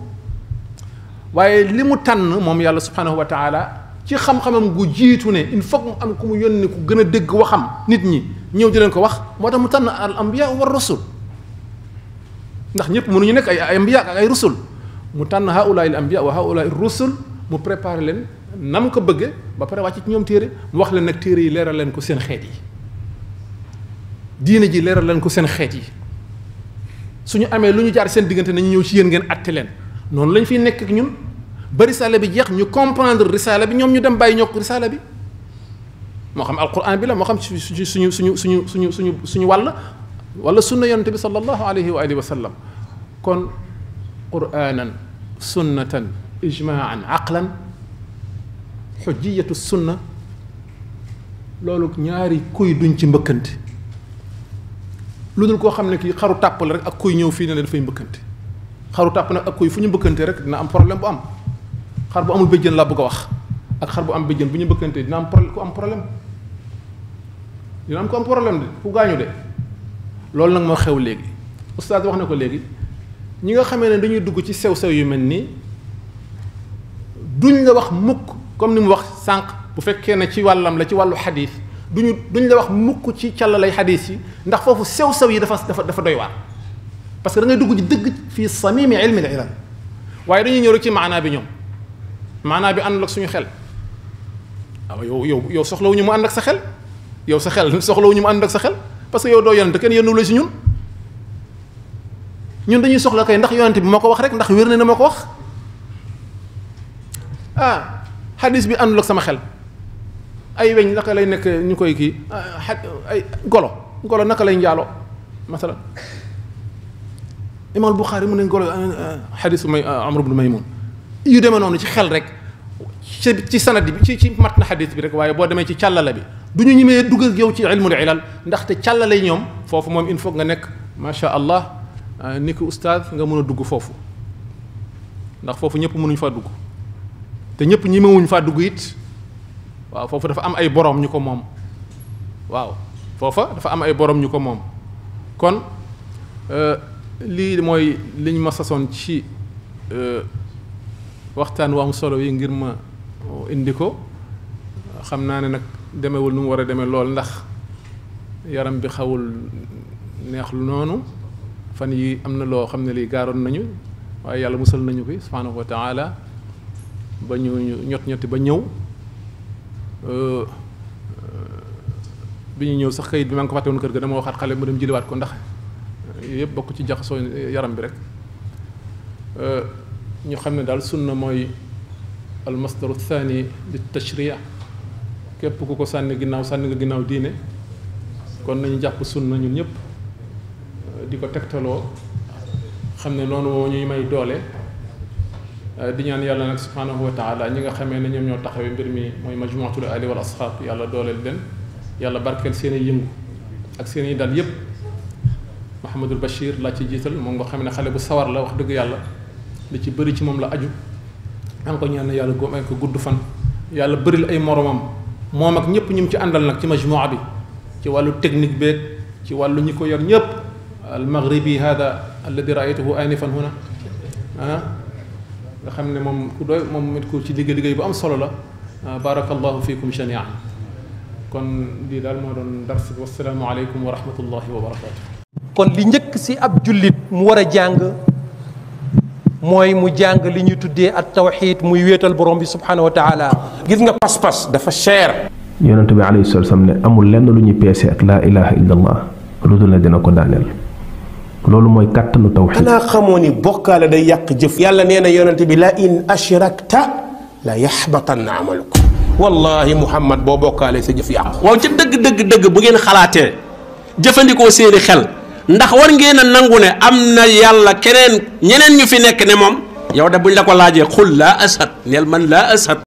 waaye li mu tànn moom yàlla subhanahu wa taala ci xam-xamam gu jiitu ne il faut mu am ku mu yónni ku gën a dégg waxam nit ñi ñëw di leen ko wax moo tax mu tànn al ambiya war rasul ndax ñëpp mënuñu nekk ay ambiya ak ay rusul mu tànn haulaay al ambiya wa haulaay rusul mu préparé leen nam ko bëgg ba pare wàcc ci ñoom téere mu wax leen nag téere yi leeral leen ko seen xeet yi diine ji leeral leen ko seen xeet yi suñu amee lu ñu jaar seen diggante nañu ñëw ci yéen ngeen atte leen noonu lañ fi nekk ak ñun ba risaala bi jeex ñu comprendre risaala bi ñoom ñu dem bàyyi ñoo risaala bi moo xam alquran bi la moo xam suñu suñu suñu suñu suñu suñu suñu wàll wala sunna yonente bi sallallahu alayhi wa alihi wa sallam kon quranan sunnatan ijmaan aqlan xujjiyatu sunna loolu ñaari kuy duñ ci mbëkkante lu dul koo xam ne kii xaru tàpp rek ak kuy ñëw fii ne la dafay mbëkkante xaru tàpp nag ak kuy fu ñu mbëkkante rek dina am problème bu am xar bu amul béjjën laa bëgg a wax ak xar bu am béjjën bu ñu mbëkkante dina am problème ku am problème dina am ku am problème de ku gaañu de loolu nag moo xew léegi oustaz wax na ko léegi ñi nga xamee ne dañuy dugg ci sew-sew yu mel nii duñ nga wax mukk comme ni mu wax sànq bu fekkee ne ci wàllam la ci wàllu xadis duñu duñ la wax mukk ci càll lay xadis yi ndax foofu sew-sew yi dafa dafa dafa doy waar parce que da ngay dugg ci dëgg fii samimi ilmi al ilal waaye dañuy ñëw rek ci maanaa bi ñoom maanaa bi àndul ak suñu xel waaw yow yow yow soxlawuñu mu ànd ak sa xel yow sa xel soxlawuñu mu ànd ak sa xel parce que yow doo yonent kenn yónnu la si ñun ñun dañuy soxla kay ndax yonent bi moo wax rek ndax wér na ne wax ah hadith bi àndul ak sama xel ay weñ naka lay nek ñukoy ki ay golo golo naka lay njaalo masala imam bukhari mu ne golo hadith may amr ibn maymun yu demee noonu ci xel rek ci sanad bi ci ci mat na xadis bi rek waye bo demee ci cyallala bi duñu ñu duggal yow ci ilmul ilal ndax te cyallalay ñom fofu mom il faut nga nek ma sha allah niki oustad nga mëna dugg fofu ndax fofu ñëpp mënuñ fa dugg te ñëpp ñi mawuñ faa dugg it waaw dafa am ay borom ñu ko moom waaw foofa dafa am ay boroom ñu ko moom kon euh, lii mooy liñ ma sasoon ci euh, waxtaan wu solo yi ngir ma indi ko xam naa ne nag demewul nu mu war a demee lool ndax yaram bi xawul neex lu noonu fan yi am na loo xam ne lii gaaroon nañu waaye yàlla musal nañu ko subhaanahu wa taala ba ñu ñot ñotti ba ñëw euh, euh, bi ñu ñëw sax kayit bi maa ngi ko fàtte woon kër ga dama waxaat xale mu dem jëliwaat ko ndax euh, yëpp bokk ci jaxasoo yaram bi rek ñu xam ne daal na mooy al masdaru thani li tashria képp ku ko sànni ginnaaw sànni nga ginnaaw diine kon nañu jàpp sunna ñun ñëpp di ko tegtaloo xam ne noonu woo ñuy may doole di ñaan yàlla nag subhanahu wa taala ñi nga xamee ne ñoom ñoo taxawee mbir mi mooy majmuatul ali wal asxaab yàlla dooleel leen yàlla barkeel seen i yëngu ak seen i dal yëpp Mouhamadul Bachir laa ci jiital moom nga xam ne xale bu sawar la wax dëgg yàlla li ci bëri ci moom la aju an ko ñaan yàlla góom ay ko gudd fan yàlla bëril ay moromam moom ak ñëpp ñu mu ci àndal nag ci majmua bi ci wàllu technique beeg ci wàllu ñi ko yor ñëpp al maghribi hada alladi raaytuhu anifan huna ah nga xam ne moom ku doy moom it ku ci liggéey liggéey bu am solo la barakallahu fikum jamian kon lii daal moo doon dars bi wasalaamu aleykum wa rahmatullahi wa barakaatu kon li njëkk si ab jullit mu war a jàng mooy mu jàng li ñu tuddee at tawxid muy wéetal borom bi subhanahu wa taala gis nga pas-pas dafa cher yonente bi alayhi salatu wasalam ne amul lenn lu ñuy peese ak laa ilaha illa allah lu dul ne dina ko daaneel lolu moy katanu tawhid ana xamoni ni day yak jëf yàlla neena na bi la in ashrakta la yahbatan amalukum wallahi muhammad bo bokkaale sa jëf yak waaw ci deug deug deug bu ngeen xalaatee jëfandikoo seeni xel ndax war ngeena a nangu ne am yàlla keneen ñeneen ñu fi nek ne mom yow da buñ la ko laaje khul la ashad nel man la ashad